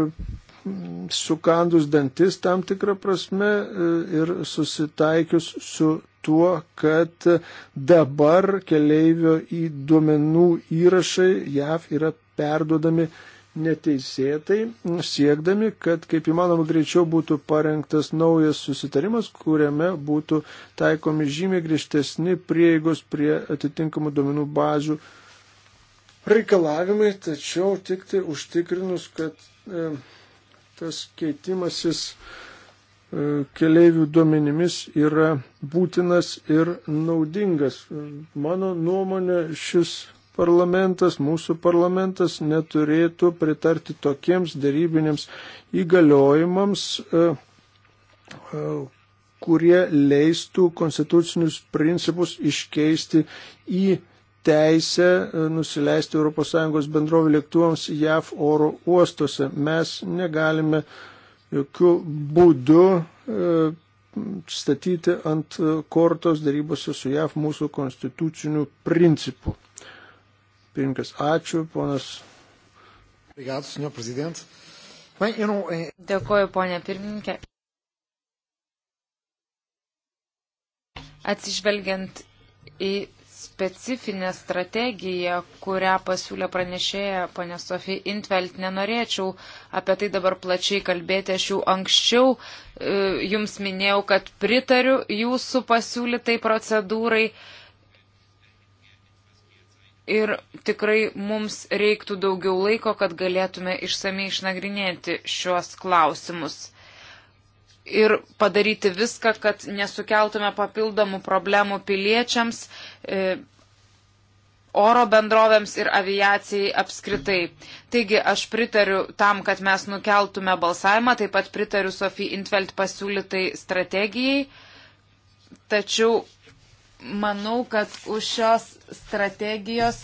sukandus dantis tam tikrą prasme e, ir susitaikius su tuo, kad dabar keleivio į duomenų įrašai JAV yra perduodami neteisėtai, siekdami, kad kaip įmanoma greičiau būtų parengtas naujas susitarimas, kuriame būtų taikomi žymiai griežtesni prieigos prie atitinkamų duomenų bazių reikalavimai, tačiau tik tai užtikrinus, kad e, tas keitimasis e, keliaivių duomenimis yra būtinas ir naudingas. Mano nuomonė, šis parlamentas, mūsų parlamentas neturėtų pritarti tokiems darybinėms įgaliojimams, e, e, kurie leistų konstitucinius principus iškeisti į teisę e, nusileisti ES bendrovė lėktuvams JAV oro uostuose. Mes negalime jokių būdų statyti ant kortos darybose su JAV mūsų konstitucinių principų. Pirmkas, ačiū, ponas. Eh, Dėkuoju, ponė pirmininkė. Atsižvelgiant į specifinę strategiją, kurią pasiūlė pranešėja ponė Sofija Intvelt, nenorėčiau apie tai dabar plačiai kalbėti. Aš jau anksčiau eh, jums minėjau, kad pritariu jūsų pasiūlytai procedūrai ir tikrai mums reiktų daugiau laiko, kad galėtume išsamei išnagrinėti šios klausimus ir padaryti viską, kad nesukeltume papildomų problemų piliečiams, e, oro bendrovėms ir aviacijai apskritai. Taigi aš pritariu tam, kad mes nukeltume balsavimą, taip pat pritariu Sofijai Intvelt pasiūlytai strategijai, tačiau manau, kad už šios strategijos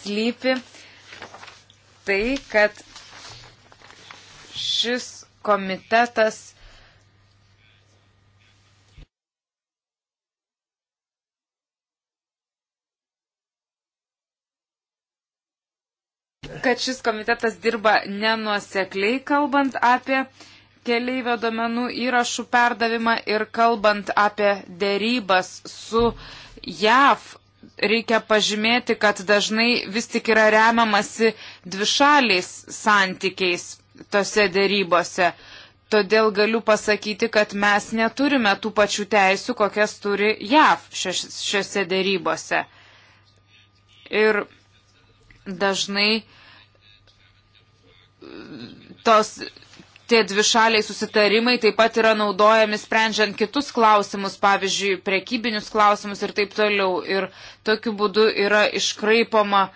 slypi tai, kad šis komitetas kad šis komitetas dirba nenuosekliai kalbant apie keleivio domenų įrašų perdavimą ir kalbant apie dėrybas su JAV, reikia pažymėti, kad dažnai vis tik yra remiamasi dvišaliais santykiais tose dėrybose. Todėl galiu pasakyti, kad mes neturime tų pačių teisių, kokias turi JAV šiuose dėrybose. Ir dažnai tos tie dvišaliai susitarimai taip pat yra naudojami sprendžiant kitus klausimus, pavyzdžiui, prekybinius klausimus ir taip toliau. Ir tokiu būdu yra iškraipama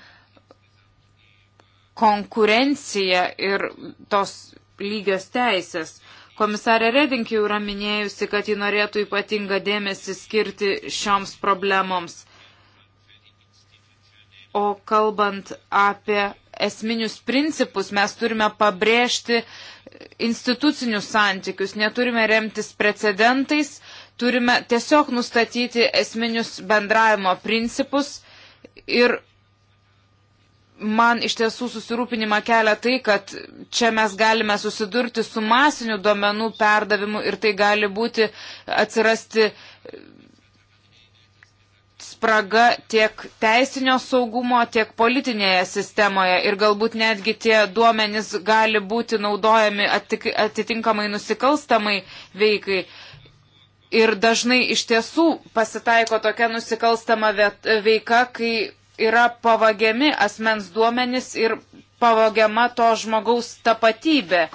konkurencija ir tos lygios teisės. Komisarė Redink jau yra minėjusi, kad ji norėtų ypatingą dėmesį skirti šioms problemoms. O kalbant apie esminius principus, mes turime pabrėžti institucinius santykius, neturime remtis precedentais, turime tiesiog nustatyti esminius bendravimo principus ir man iš tiesų susirūpinimą kelia tai, kad čia mes galime susidurti su masiniu duomenų perdavimu ir tai gali būti atsirasti spraga tiek teisinio saugumo, tiek politinėje sistemoje ir galbūt netgi tie duomenys gali būti naudojami atitinkamai nusikalstamai veikai. Ir dažnai iš tiesų pasitaiko tokia nusikalstama veika, kai yra pavagiami asmens duomenys ir pavagiama to žmogaus tapatybė.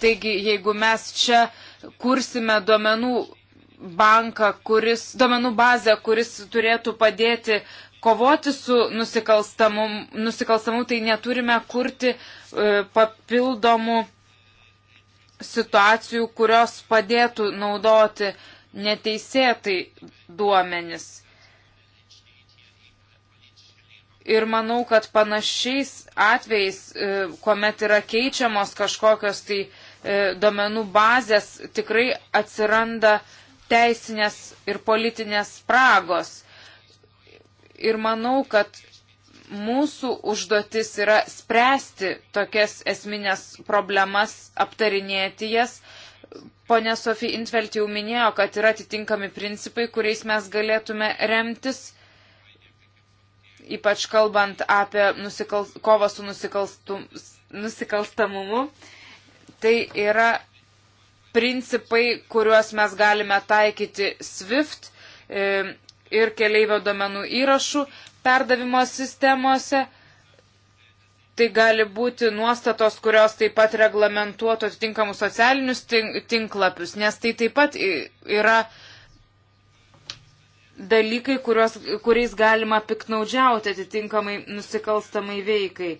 Taigi, jeigu mes čia kursime duomenų banką, kuris, duomenų bazę, kuris turėtų padėti kovoti su nusikalstamu, nusikalstamu tai neturime kurti e, papildomų situacijų, kurios padėtų naudoti neteisėtai duomenis. Ir manau, kad panašiais atvejais, e, kuomet yra keičiamos kažkokios tai e, E, duomenų bazės tikrai atsiranda teisinės ir politinės spragos. Ir manau, kad mūsų užduotis yra spręsti tokias esminės problemas, aptarinėti jas. Pone Sofija Intvelt jau minėjo, kad yra atitinkami principai, kuriais mes galėtume remtis, ypač kalbant apie nusikal... kovą su nusikalstum... nusikalstamumu. Tai yra principai, kuriuos mes galime taikyti SWIFT e, ir keleivio domenų įrašų perdavimo sistemose. Tai gali būti nuostatos, kurios taip pat reglamentuotų atitinkamus socialinius tinklapius, nes tai taip pat yra dalykai, kurios, kuriais galima piknaudžiauti atitinkamai nusikalstamai veikai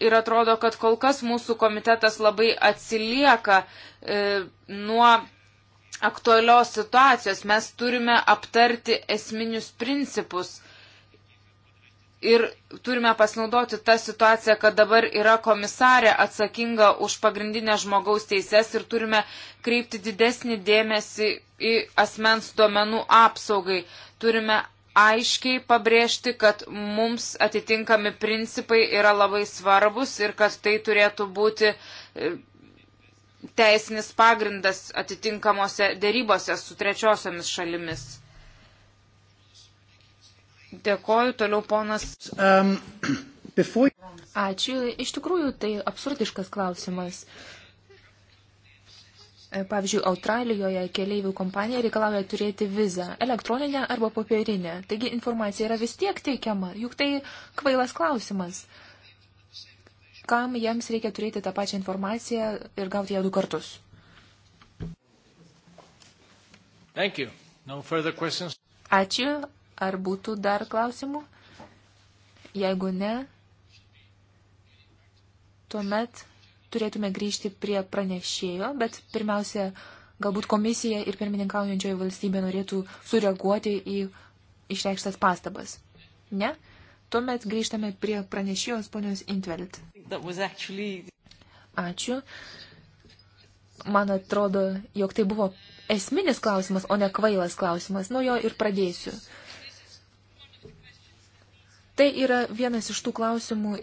ir atrodo, kad kol kas mūsų komitetas labai atsilieka e, nuo aktualios situacijos. Mes turime aptarti esminius principus ir turime pasinaudoti tą situaciją, kad dabar yra komisarė atsakinga už pagrindinę žmogaus teises ir turime kreipti didesnį dėmesį į asmens duomenų apsaugai. Turime aiškiai pabrėžti, kad mums atitinkami principai yra labai svarbus ir kad tai turėtų būti e, teisinis pagrindas atitinkamose dėrybose su trečiosiomis šalimis. Dėkoju, toliau ponas. Um, before... Ačiū, iš tikrųjų tai absurdiškas klausimas. Uh, E, pavyzdžiui, Australijoje keleivių kompanija reikalauja turėti vizą - elektroninę arba popierinę. Taigi informacija yra vis tiek teikiama, juk tai kvailas klausimas. Kam jiems reikia turėti tą pačią informaciją ir gauti ją du kartus? Thank you. No further questions. Ačiū. Ar būtų dar klausimų? Jeigu ne, tuomet turėtume grįžti prie pranešėjo, bet pirmiausia, galbūt komisija ir pirmininkaujančioji valstybė norėtų sureaguoti į išreikštas pastabas. Ne? Tuomet grįžtame prie pranešėjos ponios Intvelt. Actually... Ačiū. Man atrodo, jog tai buvo esminis klausimas, o ne kvailas klausimas. Nuo jo ir pradėsiu. Tai yra vienas iš tų klausimų,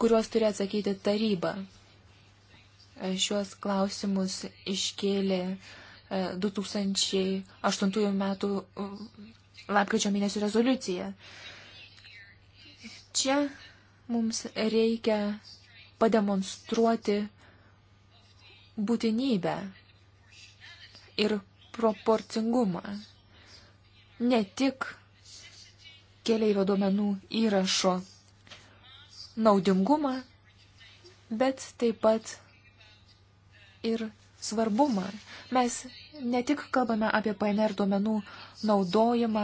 kuriuos turi atsakyti taryba šiuos klausimus iškėlė 2008 e, metų e, lapkričio mėnesio rezoliucija. Čia mums reikia pademonstruoti būtinybę ir proporcingumą. Ne tik keleivio duomenų įrašo naudingumą, bet taip pat ir svarbumą. Mes ne tik kalbame apie PNR duomenų naudojimą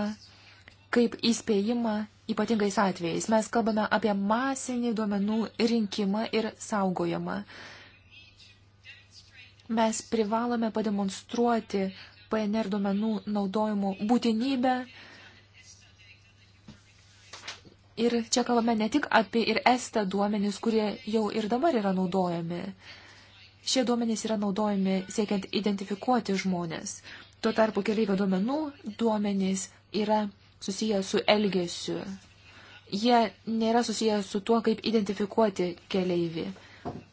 kaip įspėjimą ypatingais atvejais, mes kalbame apie masinį duomenų rinkimą ir saugojimą. Mes privalome pademonstruoti PNR duomenų naudojimo būtinybę. Ir čia kalbame ne tik apie ir estą duomenis, kurie jau ir dabar yra naudojami. Šie duomenys yra naudojami siekiant identifikuoti žmonės. Tuo tarpu keleivio duomenų duomenys yra susiję su elgesiu. Jie nėra susiję su tuo, kaip identifikuoti keleivį.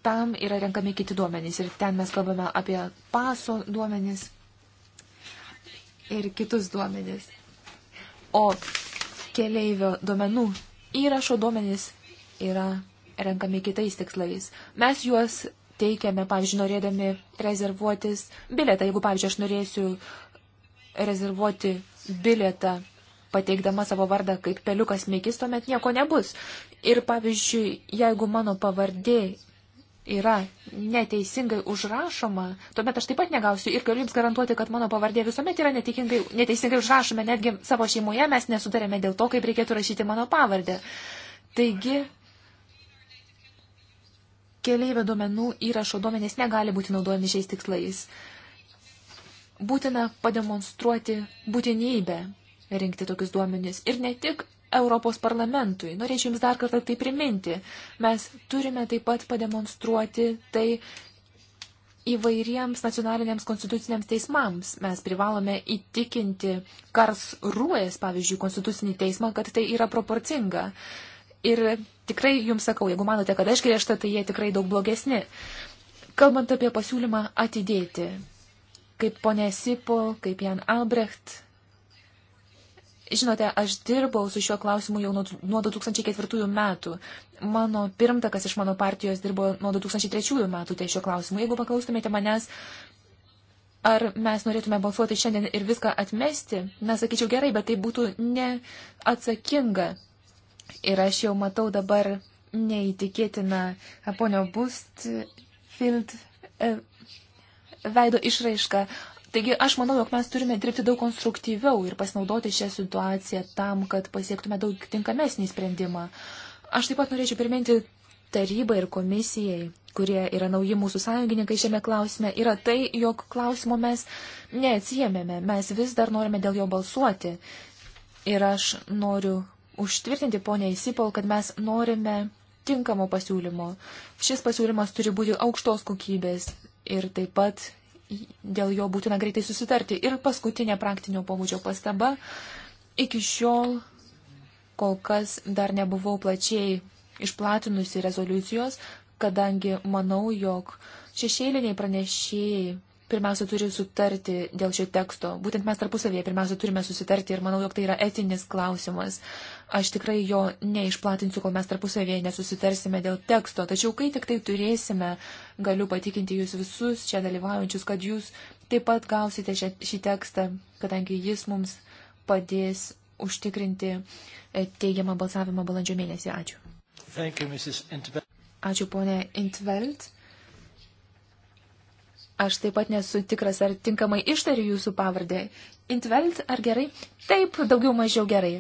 Tam yra renkami kiti duomenys ir ten mes kalbame apie paso duomenys ir kitus duomenys. O keleivio duomenų įrašo duomenys yra renkami kitais tikslais. Mes juos teikiame, pavyzdžiui, norėdami rezervuotis bilietą. Jeigu, pavyzdžiui, aš norėsiu rezervuoti bilietą, pateikdama savo vardą kaip peliukas mėgis, tuomet nieko nebus. Ir, pavyzdžiui, jeigu mano pavardė yra neteisingai užrašoma, tuomet aš taip pat negausiu ir galiu jums garantuoti, kad mano pavardė visuomet yra neteisingai užrašoma, netgi savo šeimoje mes nesutarėme dėl to, kaip reikėtų rašyti mano pavardę. Taigi, keliaivio duomenų įrašo duomenys negali būti naudojami šiais tikslais. Būtina pademonstruoti būtinybę rinkti tokius duomenys. Ir ne tik Europos parlamentui. Norėčiau Jums dar kartą tai priminti. Mes turime taip pat pademonstruoti tai įvairiems nacionaliniams konstituciniams teismams. Mes privalome įtikinti Kars Rūės, pavyzdžiui, konstitucinį teismą, kad tai yra proporcinga. Ir tikrai jums sakau, jeigu manote, kad aš griežta, tai jie tikrai daug blogesni. Kalbant apie pasiūlymą atidėti, kaip ponė Sipo, kaip Jan Albrecht. Žinote, aš dirbau su šiuo klausimu jau nuo 2004 metų. Mano pirmtakas iš mano partijos dirbo nuo 2003 metų ties šiuo klausimu. Jeigu paklaustumėte manęs, ar mes norėtume balsuoti šiandien ir viską atmesti, mes sakyčiau gerai, bet tai būtų neatsakinga. Ir aš jau matau dabar neįtikėtiną ponio Bustfield e, veido išraišką. Taigi aš manau, jog mes turime dirbti daug konstruktyviau ir pasinaudoti šią situaciją tam, kad pasiektume daug tinkamesnį sprendimą. Aš taip pat norėčiau priminti tarybai ir komisijai, kurie yra nauji mūsų sąjungininkai šiame klausime, yra tai, jog klausimo mes neatsijėmėme, mes vis dar norime dėl jo balsuoti. Ir aš noriu užtvirtinti, ponė Įsipol, kad mes norime tinkamo pasiūlymo. Šis pasiūlymas turi būti aukštos kokybės ir taip pat dėl jo būtina greitai susitarti. Ir paskutinė praktinio pobūdžio pastaba. Iki šiol kol kas dar nebuvau plačiai išplatinusi rezoliucijos, kadangi manau, jog šešėliniai pranešėjai pirmiausia turi sutarti dėl šio teksto. Būtent mes tarpusavėje pirmiausia turime susitarti ir manau, jog tai yra etinis klausimas. Aš tikrai jo neišplatinsiu, kol mes tarpusavėje nesusitarsime dėl teksto, tačiau kai tik tai turėsime, galiu patikinti jūs visus čia dalyvaujančius, kad jūs taip pat gausite šią, šį tekstą, kadangi jis mums padės užtikrinti e, teigiamą balsavimą balandžio mėnesį. Ačiū. You, Ačiū, ponė Intveld. Aš taip pat nesu tikras, ar tinkamai ištariu jūsų pavardę. Intveld, ar gerai? Taip, daugiau mažiau gerai.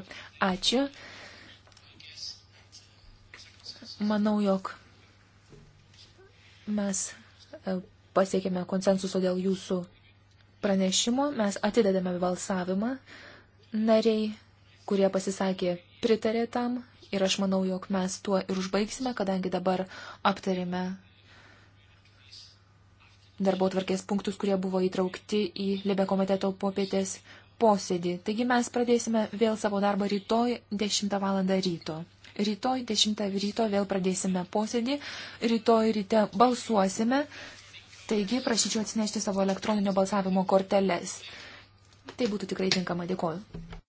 Ačiū. Manau, jog mes e, pasiekėme konsensuso dėl jūsų pranešimo, mes atidedame balsavimą. Nariai, kurie pasisakė, pritarė tam ir aš manau, jog mes tuo ir užbaigsime, kadangi dabar aptarėme darbo tvarkės punktus, kurie buvo įtraukti į Libe komiteto popietės posėdį. Taigi mes pradėsime vėl savo darbą rytoj 10 val. ryto. Rytoj 10 ryto vėl pradėsime posėdį, rytoj ryte balsuosime, taigi prašyčiau atsinešti savo elektroninio balsavimo korteles. Tai būtų tikrai tinkama, dėkoju.